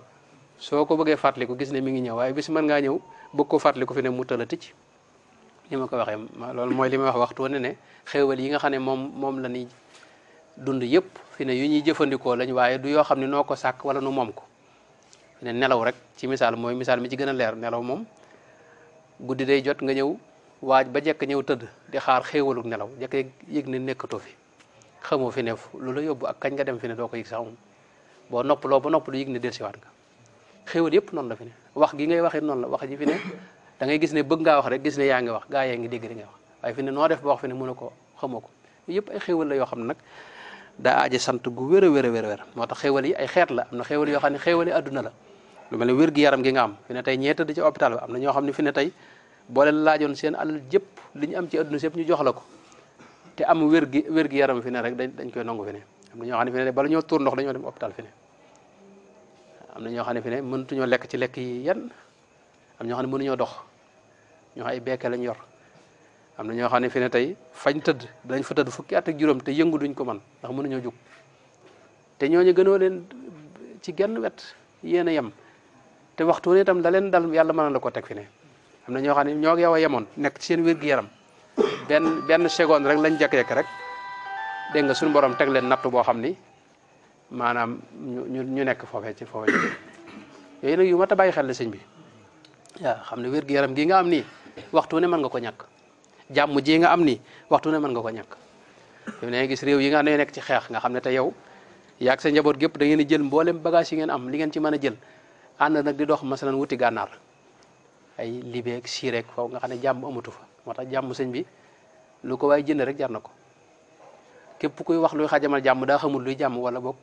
soo ko bëggee fàttaliku gis ne mi ngi ñëw waaye bis man ngaa ñëw bëgg ko fàttaliku fi ne mu tëla ticc ni ma ko waxee loolu mooy li ma wax waxtu ne ne xéewal yi nga xam ne moom moom la ñuy dund yëpp fi ne yu ñuy jëfandikoo lañ waaye du yoo xam ne noo ko sàkk wala nu moom ko ne nelaw rek ci misaal mooy misaal mi ci gën a leer nelaw moom guddi day jot nga ñëw waaj ba jekk ñëw tëdd di xaar xéewalu nelaw jekk yëg ne nekkatoo fi xamoo fi ne lu la yóbbu ak kañ nga dem fi ne doo ko yëg boo nopp ba nopp lu yëg ne delsiwaat nga xéewal yëpp noonu la fi wax gi ngay waxee noonu la wax ji fi ne ngay gis ne bëgg ngaa wax rek gis ne yaa ngi wax gaa yaa ngi dégg di ngay wax noo def ba wax fi ne ko xamoo ko yëpp ay xéewal la yoo xam ne nag daa aje sant gu wér a wér a wér moo tax xewal yi ay xeet la am na xéewal yoo xam ne xéewali adduna la lu mel ne wér gi yaram gi nga am fi ne tey ñee tëdd ci hôpital am na ñoo xam ne fi ne tey boo leen laajoon seen alal jëpp li ñu am ci adduna sépp ñu jox la ko te am wér gi wér gi yaram fi ne rek dañ koy nangu fi am na xam ne fi ne bala ñoo tuur ndox dañoo dem hôpital fi am na ñoo xam ne fi ne mëntuñoo lekk ci lekk yi yan am ñoo xam ne mënuñoo dox ñoo ay beeke lañ yor am na ñoo xam ne fi ne tey fañ tëdd dañ fa tëdd fukki at ak juróom te yëngu duñ ko man ndax mënuñoo jug te ñooñu gënoo leen ci genn wet yéen a yem te waxtu itam la leen dal yàlla mën na ko teg fine am na ñoo xam ne ñoo yow a yemoon nekk ci seen wér-gu-yaram benn benn seconde rek lañ jékki rek dégg nga suñu borom teg leen nattu boo xam ni maanaam ñu nekk foofee ci foofee yooyu nag yu mat a bàyyi xel la sëñ bi waaw xam ne wér yaram gii nga am ni waxtu ne mën nga ko ñàkk jàmm ji nga am ni waxtu ne mën nga ko ñàkk yow ne gis réew yi nga xam ne nekk ci xeex nga xam ne te yow yaag sa njaboot gépp da ngeen di jël mboole bagage yi ngeen am li ngeen ci mën a jël ànd nak di dox masalan wuti ganar ay libeeg ak faw nga xane ne amatu fa motax tax señ bi lu ko waaye jënd rek jar na ko kuy wax luy xajamal jàmm da xamul luy jàmm wala bok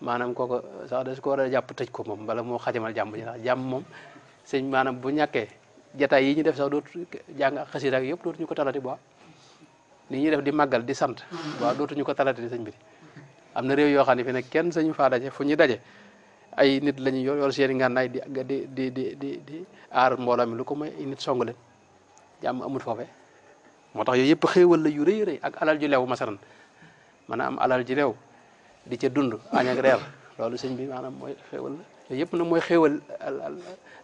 manam koko sax da ko wara japp jàpp ko mom bala mo xajamal jàmm ji ndax mom señ manam bu ñaké jataay yi ñu def sax dootu jàng ak xasida ak yëpp ko talati bu ni ñuy def di magal di sant waaw mm-hmm. ñu ko talati señ bi amna rew yo xani fi nek kenn señ fa dajé fu ñu dajé ay nit lañu yor yor seen ngannaay di di di di di di ar mbolam lu ko may nit songu leen jam amul fofé motax yoy yep xewal la yu reey reey ak alal ju leew masaran am alal ji leew di ci dund añ ak reer lolou sëñ bi manam moy xewal la yep na moy xewal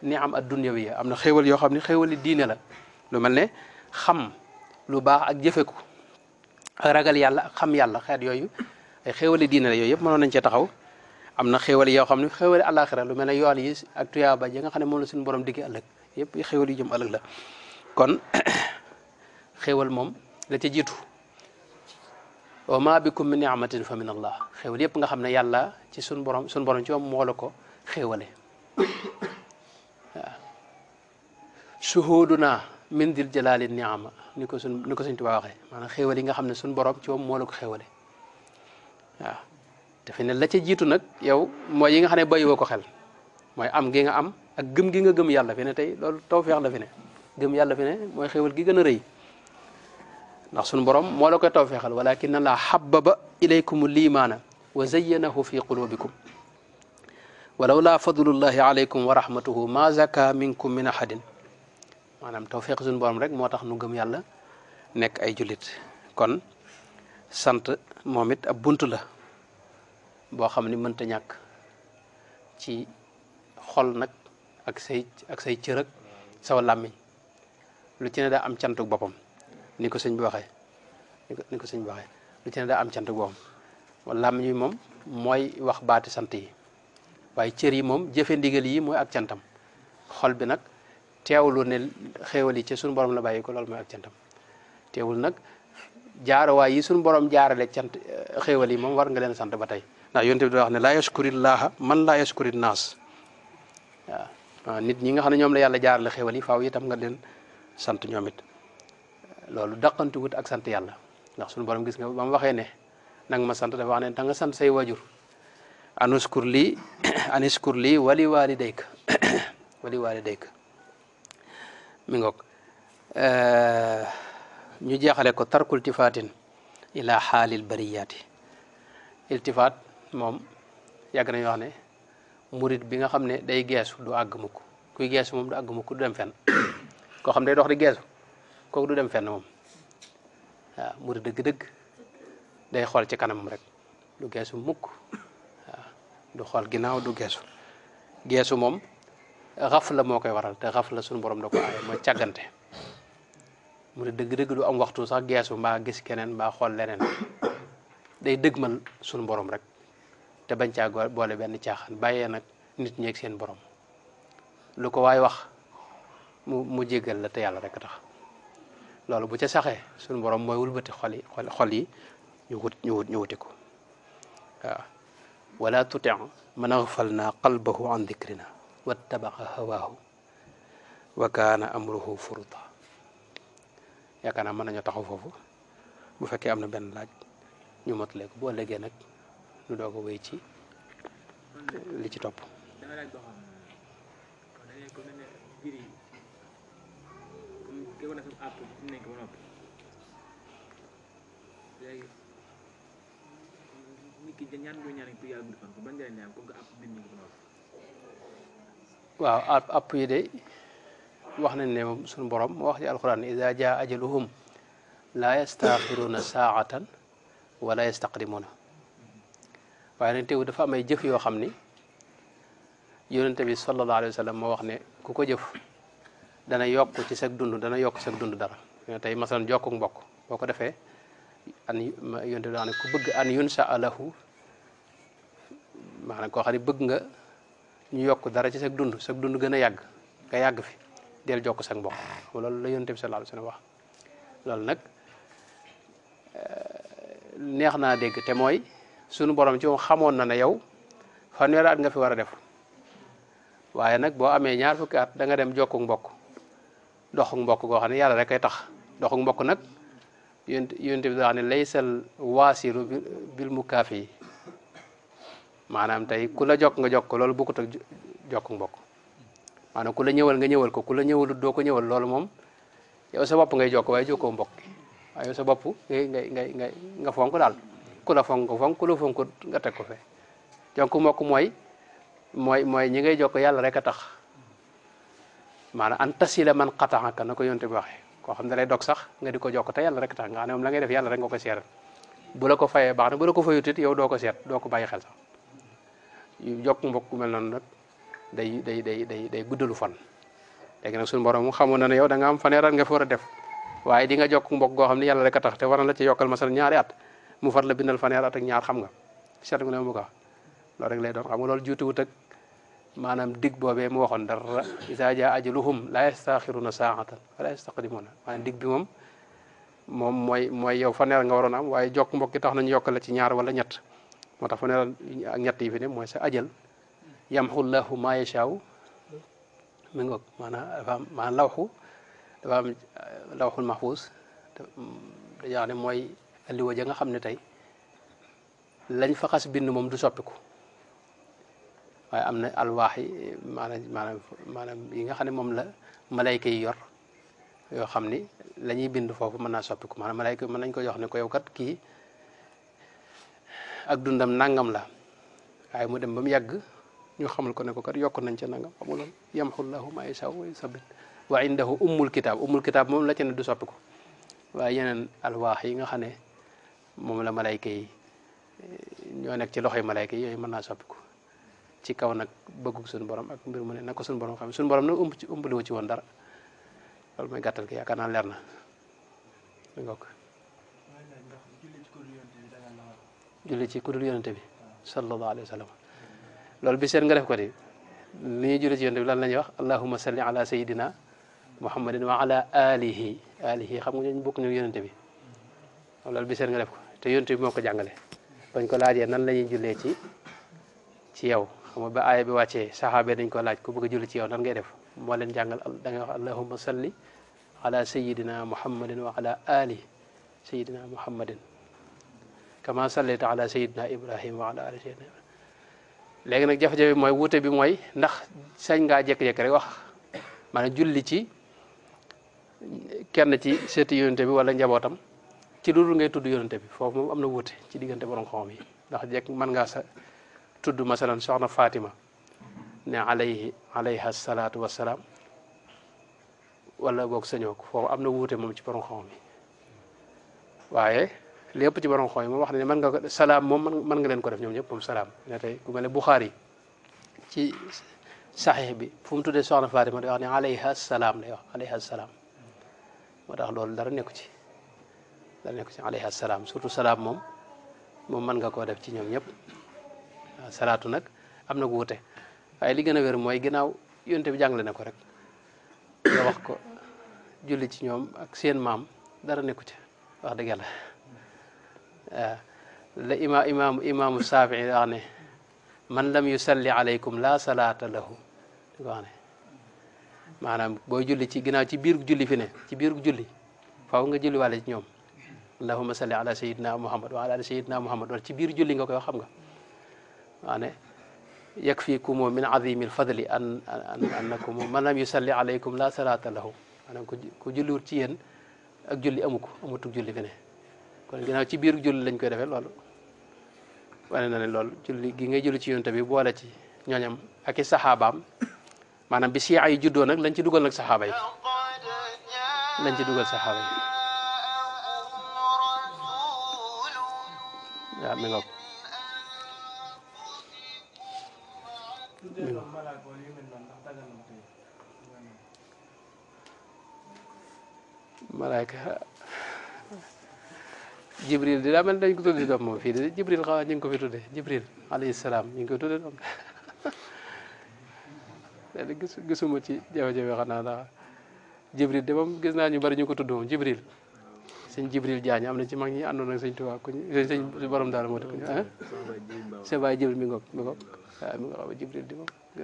ni am ad dunyawiya am na xéewal yoo xam diine la lu melne xam lu baax ak jëfeku ragal yalla xam yalla xet yooyu ay xéewali diine la yooyu nañ ci taxaw am na xéewal yoo xam ne xéewali àllaaxira lu mel ne yool yi ak tuyaaba yi nga xam ne moom la suñu borom digge ëllëg yëpp xéewal yu jëm ëllëg la kon xéewal moom la ca jiitu wa ma bikum min ni'matin fa min allah xéewal yëpp nga xam ne yàlla ci suñu borom suñu borom ci moom moo la ko xéewale waaw suhuduna min dil jalaali niama ni ko suñ ni ko suñ tubaa waxee maanaam xéewal yi nga xam ne suñu borom ci moom moo la ko xéewale waaw te fi ne la ca jiitu nag yow mooy yi nga xam ne bàyyiwoo ko xel mooy am gi nga am ak gëm gi nga gëm yàlla fi ne tey loolu tawfeex la fi ne gëm yàlla fi ne mooy xéwal gi gën a rëy ndax suñu borom moo la koy tawfeexal walakin la xabbaba ilaykum liimaana wa zayyanahu fi qulubikum walawla fadlullahi alaykum wa rahmatuhu ma zaka minkum min ahadin maanaam tawfeex suñu borom rek moo tax nu gëm yàlla nekk ay jullit kon sant moom it ab bunt la boo xam ni mënta ñàkk ci xol nag ak say ak say cër ak saw làmmiñ lu ci ne daa am cantuk boppam ni ko sëñ bi waxee ni ko sëñ bi waxee lu ci ne daa am cantuk boppam làmmiñ bi moom mooy wax baati sant yi waaye cër yi moom jëfe ndigal yi mooy ak cantam xol bi nag teewlu ne xéewal yi ci suñu borom la bàyyi ko loolu mooy ak cantam teewul nag jaarawaay yi suñu borom jaarale cant xéewal yi moom war nga leen sant ba tey ndax yonte bi wax ne la yashkurillaha man la yashkuri nas waaw ya. ah, nit ñi nga xam ne ñoom la yàlla jaar la xéwal yi faaw itam nga leen sant ñoom it loolu wut ak sant yàlla ndax suñu borom gis nga ba mu ne nang ma sant dafa wax ne nga sant say wajur anuskur [clears throat] li aniskur [clears throat] li wali walidayk wali walidayk mi ngok eh, ñu jeexale ko tarkul tifatin ila halil bariyati iltifat moom yàgg nañu wax ne murit bi nga xam ne day geesu du àgg mukk kuy geesu moom du àgg mukk du dem fenn [coughs] koo xam day dox di geesu kooku du dem fenn moom waaw murit dëgg-dëgg day xool ci kanamam rek du geesu mukk du xool ginnaaw du geesu geesu moom xaf la moo koy waral te xaf la suñu borom da ko aaye mooy càggante murit dëgg du am waxtu sax geesu mbaa gis keneen mbaa xool leneen [coughs] day dëgmal suñu mboroom rek te bañ ca boole benn caaxaan bàyyee nag nit ñeeg seen borom lu ko waay wax mu mu jéggal la te yàlla rek tax loolu bu ca saxee suñu borom mooy wulbati xol yi xol yi ñu wut ñu wut ñu wuti ko waaw wala tuti man aghfalna qalbahu an dhikrina wattabaqa hawahu wa kana amruhu furuta yaakaar naa mën nañoo taxaw foofu bu fekkee am na benn laaj ñu motale ko bu ëllëgee nag lu doog a ci li ci waaw app app yi de wax nañ ne moom borom wax ci alquran jaa ajaluhum la saatan wala yastaqdimuna waaye nag teewu dafa am ay jëf yoo xam ni yonente bi sallallahu alayhi wa moo wax ne ku ko jëf dana yokk ci sag dund dana yokk sag dund dara tey masalan jokkuk mbokk boo ko defee an yonente bi wax ku bëgg an yunsa alahu maanaam koo xam ne bëgg nga ñu yokk dara ci sag dund sag dund gën a yàgg nga yàgg fi del jokk sag mbokk loolu la yonente bi sallallahu alayhi wa sallam wax loolu nag eh, neex naa dégg te mooy sunu borom ci moom xamoon na ne yow fanweeri at nga fi war a def waaye nag boo amee ñaar fukki at da nga dem jokkuk mbokk doxuk mbokk goo xam ne yàlla rek ay tax doxuk mbokk nag yonent yonent bi daa xam ne laysal waasiru bil mukaafi yi maanaam tey ku la jokk nga jokk ko loolu bokkut ak jokkuk mbokk maanaam ku la ñëwal nga ñëwal ko ku la ñëwalut doo ko ñëwal loolu moom yow sa ngay jokk waaye jokkoo mbokk waaye yow sa bopp ngay ngay ngay nga fonk daal ku la fonk fonk ku la fonkut nga teg ko fe jonk mokk mooy mooy mooy ñi ngay jokk yàlla rek a tax maanaam an tasila man qataaka na ko yonte bi waxee koo xam ne lay dog sax nga di ko jokk te yàlla rek tax nga xam ne moom la ngay def yàlla rek nga ko seeral bu la ko fayee baax na bu la ko fayut it yow doo ko seet doo ko bàyyi xel sax jokk mbokk mel noonu nag day day day day day guddalu fan léegi nag suñu borom mu ne yow da nga am fanweeri at nga fa war a def waaye di nga jokk mbokk goo xam ne rek a tax te war na la ci yokkal masal ñaari at mu far la bindal fanweer at ñaar xam nga seet nga ne mu ko wax rek lay doon xam nga loolu juutiwut ak maanaam dig boobe mu waxoon dara isa jaa ajaluhum la yastaxiruna saatan wala yastaqdimuna maanaam dig bi moom moom mooy mooy yow fanweer nga waroon am waaye jokk mbokk tax nañ yokk ci ñaar wala ñett moo tax fanweer ak ñett yi fi ne mooy sa ajal yamxu llahu ma yashaaw mi ngoog maanaam dafa am maanaam lawxu am lawxul mahfuus mm, dañuy mooy alliwa ja nga xamne tay lañ fa xass bind mom du soppiku way amna na alwaax manam manam maanaam yi nga xamne mom la malaika yi yor yo xamni lañuy bind fofu meuna soppiku manam malaika meun nañ ko jox ne ko yow kat ki ak dundam nangam la ay mu dem bam yagg ñu xamul ko ne ko kat yok nañ ci nangam xamul ma wa wa indahu umul kitab umul kitab mom la ci ne du soppiku waaye yenen nga moom la malayka yi ñoo nekk ci loxoy malayka yi yooyu mën naa soppiku ci kaw nag bëggug suñu borom ak mbir mu ne na ko suñu borom xam suñu borom nag ëmb ci ëmbali ci woon dara loolu mooy gàttal ki yaakaar naa leer na ngok julli ci kudul yonente bi sallallahu alayhi wa sallam loolu bi seen nga def ko di li ñuy julli ci yonente bi lan la ñuy wax allahumma salli ala sayidina muhammadin wa ala alihi alihi xam nga ñu bokk ñu yonente bi loolu bi seen nga def ko te yonent bi moo ko jàngale bañ ko laajee nan la ñuy jullee ci ci yow xam nga ba aaya bi wàccee saxaabe dañ ko laaj ku bëgg julli ci yow nan ngay def moo leen jàngal da ngay wax allahumma salli ala sayidina muhammadin wa ala ali sayidina muhammadin kama sallayta ala sayidina ibrahima wa ala ali sayidina ibrahima nag jafe-jafe mooy wuute bi mooy ndax sañ ngaa jékki-jékki rek wax maanaam julli ci kenn ci seeti yoonte bi wala njabootam ci lu dul ngay tudd yonante bi foofu moom am na wuute ci diggante borom xam yi ndax jekk mën ngaa sa tudd masalan soxna Fatima ne alayhi alayha salaatu wassalaam wala am na wuute moom ci borom xam waaye lépp ci borom yi moom wax na ne mën nga ko salaam moom mën nga leen ko def ñoom ñëpp moom salaam ne tey ku mel ne Buxaari ci saxiix bi fu mu tuddee soxna Fatima day wax ne alayha salaam lay wax alayha salaam moo tax loolu dara nekku ci dana nekk ci salaam surtout salaam moom moom mën nga koo def ci ñoom ñëpp salaatu nag am na ku wute waaye li gën a wér mooy ginnaaw yonte bi jàngale na ko rek wax ko julli ci ñoom ak seen maam dara nekku ci wax dëgg yàlla waaw la ima imaamu imaamu Saafii wax ne man lam yusalli aleykum laa salaata lahu maanaam booy julli ci ginaaw ci biir julli fi ne ci biir julli faaw nga julli waale ci ñoom allahumma salli ala sayidina muhammad wa ala ali sayidina muhammad wala ci biir julli nga koy wax xam nga waa ne yakfiikumu min azimi alfadli an an annakum man lam yusalli alaykum la salata lahu maanaam ku julliwut ci yéen ak julli amu ko amatul julli fi ne kon ginnaaw ci biir julli lañ koy defee loolu wane na ne loolu julli gi ngay julli ci yonent bi boole ci ñooñam ak i saxaabaam maanaam bi si ay juddoo nag lañ ci dugal nag saxaaba yi lañ ci dugal saxaaba Ya, mình malaika jibril di dalam dan dañ ko mau fit. jibril kau yang kau ko fi jibril Alaihissalam. Yang kau tuh deh. Jadi doom léegi gis gisuma ci jibril Di moom gis naa ñu bari ñu ko jibril sëñ Jibril Diagne am na ci mag ñi àndoon ak sëñ Tuubaa ku ñu borom daal moo tax ku ñu ah. sëñ Baye Jibril mi ngoog mi ngoog waaw mi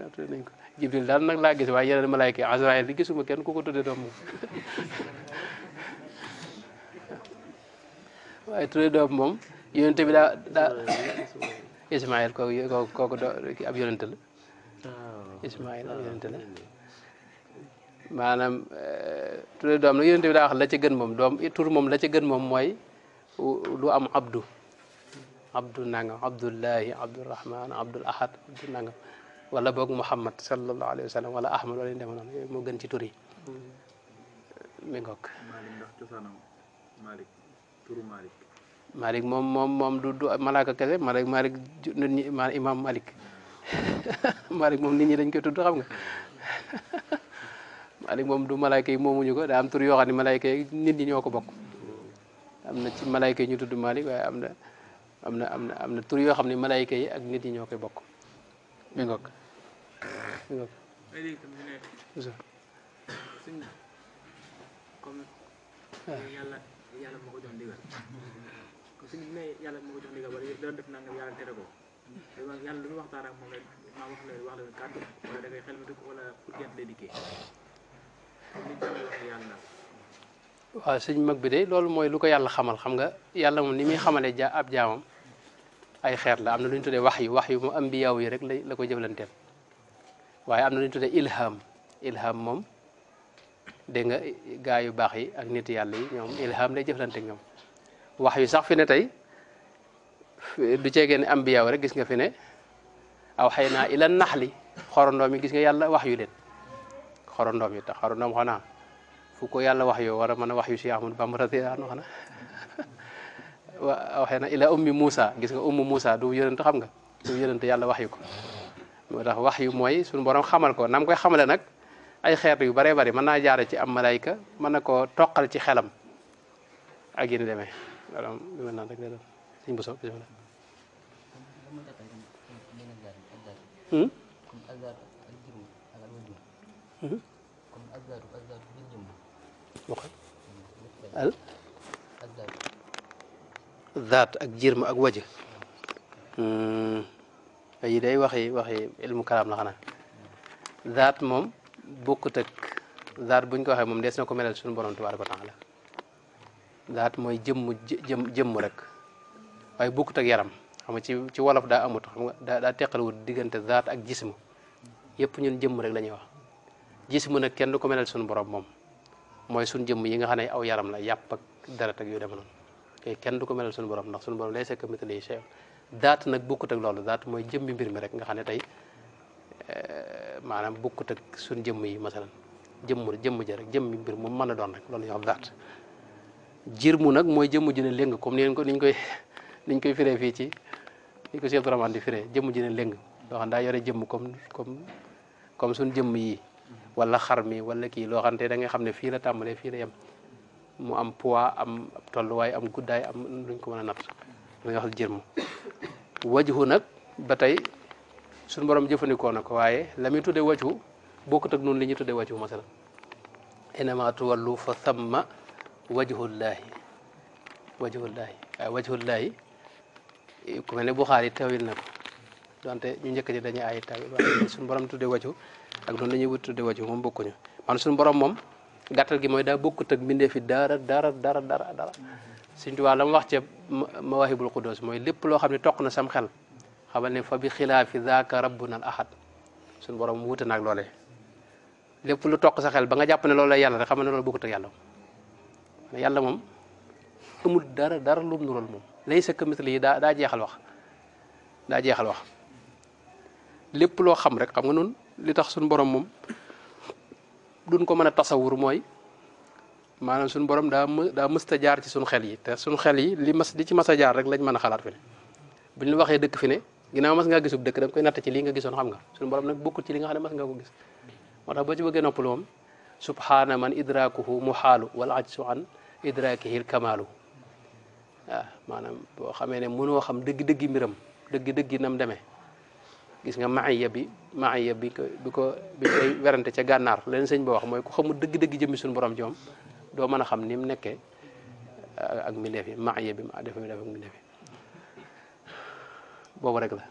a tudd nañ ko Jibril daal nag laa gis waaye yeneen malaayka yi Azraayil gisuma kenn ku ko tuddee doom moom. [laughs] waaye tuddee doom moom yonent bi daa daa Ismaayil ab yonent la. Ah, ab yonent maanaam eh, tudde doom nag yonent bi daa wax la ca gën moom doom tur moom la ca gën moom mooy lu am abdu abdu nangam abdullahi abdurahman abdul ahad abdu wala boog muhammad sallallahu alayhi wa sallam wala ahmad wala ñu deme noonu yooyu moo gën ci tur yi mi ngoog malik ndax cosaanam malik moom moom du malaaka kese malik malik ma imam malik [laughs] moom nit ñi dañ koy tudd xam nga [laughs] alik mom du malaika yi momu ñuko da am tur yo xani malaika yi nit ñi ñoko bok amna ci malaika yi ñu tuddu malik way amna amna amna amna tur yo xamni malaika yi ak nit ñi ñokay bok mi ngok mi ngok yalla yalla mako jox ko suñu ne yalla mako jox wala do def yalla waaw sëñ mag bi de loolu mooy lu ko yàlla xamal xam nga yàlla moom ni muy xamalee ja ab jaamam ay xeet la am na lu ñu tuddee wax yu wax yu mu am ambiyaaw yi rek la ko jëflanteel waaye am na lu ñu tuddee ilham moom dégg nga gaa yu baax yi ak nit yàlla yi ñoom ilham lay jëflante ñoom wax yu sax fi ne tey du ceegee ne ambiyaaw rek gis nga fi ne aw xëy naa ila naxli xorondoo mi gis nga yàlla wax yu leen xorondoom yi tax xorondoom xanaa fu ko yàlla wax yow war a mën a wax yu si Ahmadu Bamba radiyallaahu anhu xanaa [laughs] waxee na ila ummi Moussa gis nga ummu Moussa du yonent xam nga du yonent yàlla wax yu ko moo tax wax yu mooy suñu borom xamal ko nam koy xamale nag ay xeetu yu bëree bëri mën naa jaare ci am malayka mën na koo toqal ci xelam ak yéen demee comme azzaadu azzaadu bi ak jirma ak waja. Hmm. yi day waxi waxi ilmu kalaam la xanaa. zaat moom bokkut ak zaat buñ ko waxe moom dees na ko melal suñu borom tabaaraka wa taala zaat mooy jëmm jëmm jëmm rek waaye bokkut yaram xam nga ci ci wolof daa amut xam nga daa daa wut diggante zaat ak jism yëpp ñun jëmm rek la wax. gis mu ne kenn du ko melal suñu borom moom mooy suñu jëmm yi nga xam ne aw yaram la yàpp ak deret ak yu dem noonu kenn du ko melal suñu borom ndax suñu borom lay sekk mitali chef daat nag bukkut ak loolu daat mooy jëmmi mbir mi rek nga xam ne tey eh, maanaam bukkut suñu jëmm yi masalan jëmm jëmm ja rek jëmmi mbir mu mën a doon rek loolu ñuy wax daat jiir mu nag mooy jëmm ji ne léng comme ni ko niñ koy [laughs] niñ koy firee fii ci ni ko Cheikh Abdourahmane di firee jëmm ji ne léng loo xam daa yore jëmm comme comme comme suñu jëmm yi wala xar mi wala kii loo xam da nga xam ne fii la tàmbalee fii la yem mu am poids am tolluwaay am guddaay am luñ ko mën a natt li nga wax jërmu wajhu nag ba tey suñu borom jëfandikoo na ko waaye la muy tuddee boo ko ak noonu li ñuy tuddee wajhu masalan inama tuwallu fa thamma wajhullaahi wajhullaahi waaye wajhullaahi ku mel ne Buxaari tawil na donte ñu ñëk ci dañuy ay tay suñu borom tuddé waju ak non lañuy wut tudde waju bokku ñu man suñu borom mom gattal gi moy da bokku tak mbindee fi dara dara dara dara dara suñ tuwaa lam wax ci mawahibul qudus moy lepp lo xamni tok na sam xel xamal ni fa bi khilafi zaaka rabbuna al ahad suñu borom wuute nak lolé lepp lu tok sa xel ba nga japp ne lolé yalla xamal ne loolu bokkut ak yàlla yalla mom amul dara dara lu mu nural moom lay sa da wax da jexal wax lépp loo xam rek xam nga noonu li tax suñu borom moom duñ ko mën a tasawur mooy maanaam suñu borom daa daa mësta jaar ci suñu xel yi te suñu xel yi li mas li ci mas jaar rek lañ mën a xalaat fi bu ñu waxee dëkk fi ne ginnaaw mas ngaa gisub dëkk rek koy natt ci lii nga gisoon xam nga suñu borom nag bokkul ci li nga xam ne mas nga ko gis moo tax boo ci bëggee noppalu moom subhaana man idrakuhu muhaalu wal ajsu an idrakihil kamaalu waaw maanaam boo xamee ne mënoo xam dëgg-dëggi mbiram dëgg-dëggi demee gis nga maaya bi maaya bi ko ko bi koy werante ca gànnaar leen sëñ ba wax mooy ku xamul dëgg-dëgg jëmmi suñu borom ci doo mën a xam ni mu nekkee uh, ak mbindeef yi maaya bi ma def mi boobu rek la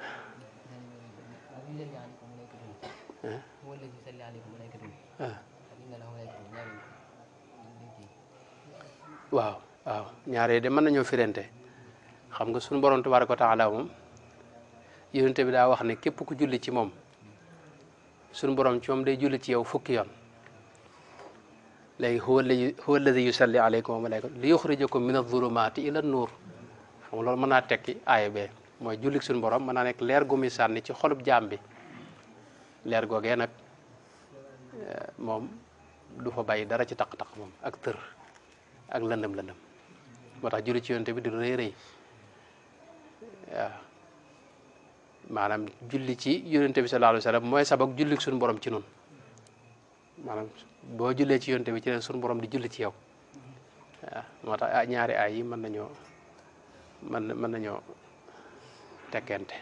waaw waaw ñaaree de mën nañoo firante xam nga suñu borom tabaaraka wa taala yonente bi daa wax ne képp ku julli ci moom sunu borom ci moom day julli ci yow fukki yoon léegi huwa alladi huwa alladi yusalli aleykum wa malaikatu li yuxrijakum min adulumaati ila nuur xam nga loolu mën naa tekki aaya bee mooy jullik suñu borom mën naa nekk leer gu muy sànni ci xolub jaam bi leer googee nag eh, moom du fa bàyyi dara ci taq-taq moom ak tër ak lëndëm lëndëm moo tax julli ci yonte bi du rëy rëy maanaam julli ci yonente bi sallallahu alayhi wa sallam mooy sabab suñu borom ci nun maanaam boo jullee ci yonente bi ci suñu borom di julli ci yow moo tax ñaari ay yi mën nañoo mën mën nañoo tekkente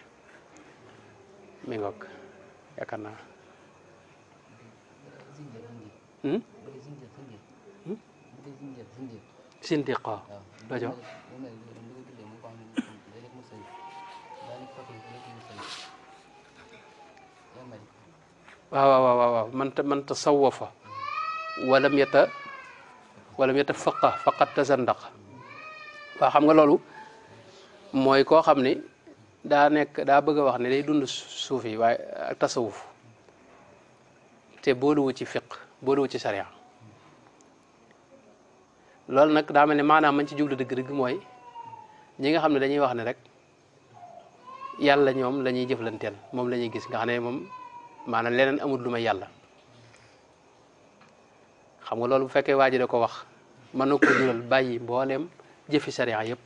mi ngoog yaakaar naa hmm? dojo waaw waaw waaw man man tasawafa walam yata walam yata faqa faqat tasandaqa waaw xam nga loolu mooy koo xam ni daa nekk daa bëgg a wax ne day dund suuf yi waaye ak tasawuf te booluwu ci fiq booluwu ci sariya loolu nag daa mel ne maanaam mañ ci jublu dëgg-dëgg mooy ñi nga xam ne dañuy wax ne rek yàlla ñoom la ñuy jëflanteel moom la ñuy gis nga xam ne moom maanaam leneen amul lu ma yàlla xam nga loolu bu fekkee waa ji da ko wax mën na ko jural bàyyi mbooleem jëfi sariya yépp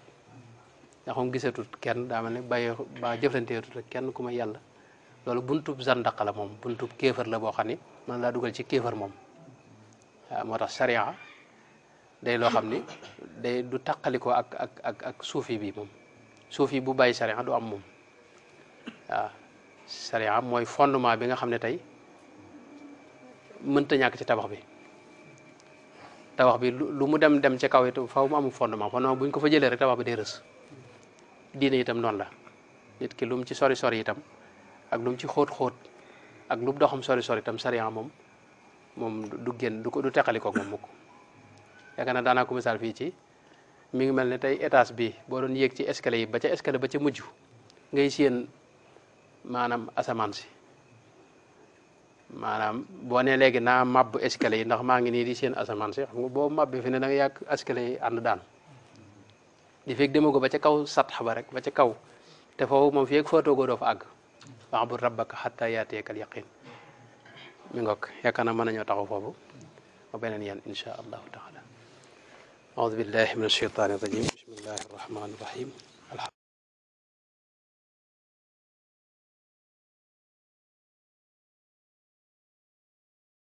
ndax moom gisatut kenn daa mel ne bàyyee ba jëflanteetut ak kenn ku may yàlla loolu buntub zandaq la moom buntub kéefar la boo xam ni man laa dugal ci kéefar moom waaw moo tax sariya day loo xam ni day du taqalikoo ak ak ak ak suufi bi moom suufi bu bàyyi sariya du am moom sariya mooy fondement bi nga xam ne tey mënta ñàkk ci tabax bi tabax bi lu mu dem dem ci kaw itam faw mu am fondement fondement bu ñu ko fa jëlee rek tabax bi day rës diine itam noonu la nit ki lu mu ci sori sori itam ak lu mu ci xóot xóot ak lu mu doxam sori sori itam sariya moom moom du génn du ko du teqali koog moom mukk yaakaar naa daanaa misaal fii ci mu ngi mel ne tey étage bi boo doon yéeg ci escalier yi ba ca escalier ba ca mujj ngay séen maanaam asamaan si maanaam boo ne léegi naa mabbu escalier yi ndax maa ngi nii di seen asamaan si xam nga boo mabbi fi ne da nga yàgg escalier yi ànd daan di fekk demago ba ca kaw satax ba rek ba ca kaw te foofu moom feeg footoogoo doo fa àgg wa'bud rabbaka hattaa yaatiyakal yaqiin mi ngoog yaakaar naa mën nañoo taxaw foofu ba beneen yéen insha allahu taala aoudu billahi min alsheytaani rajim bismillahi arrahmani irrahim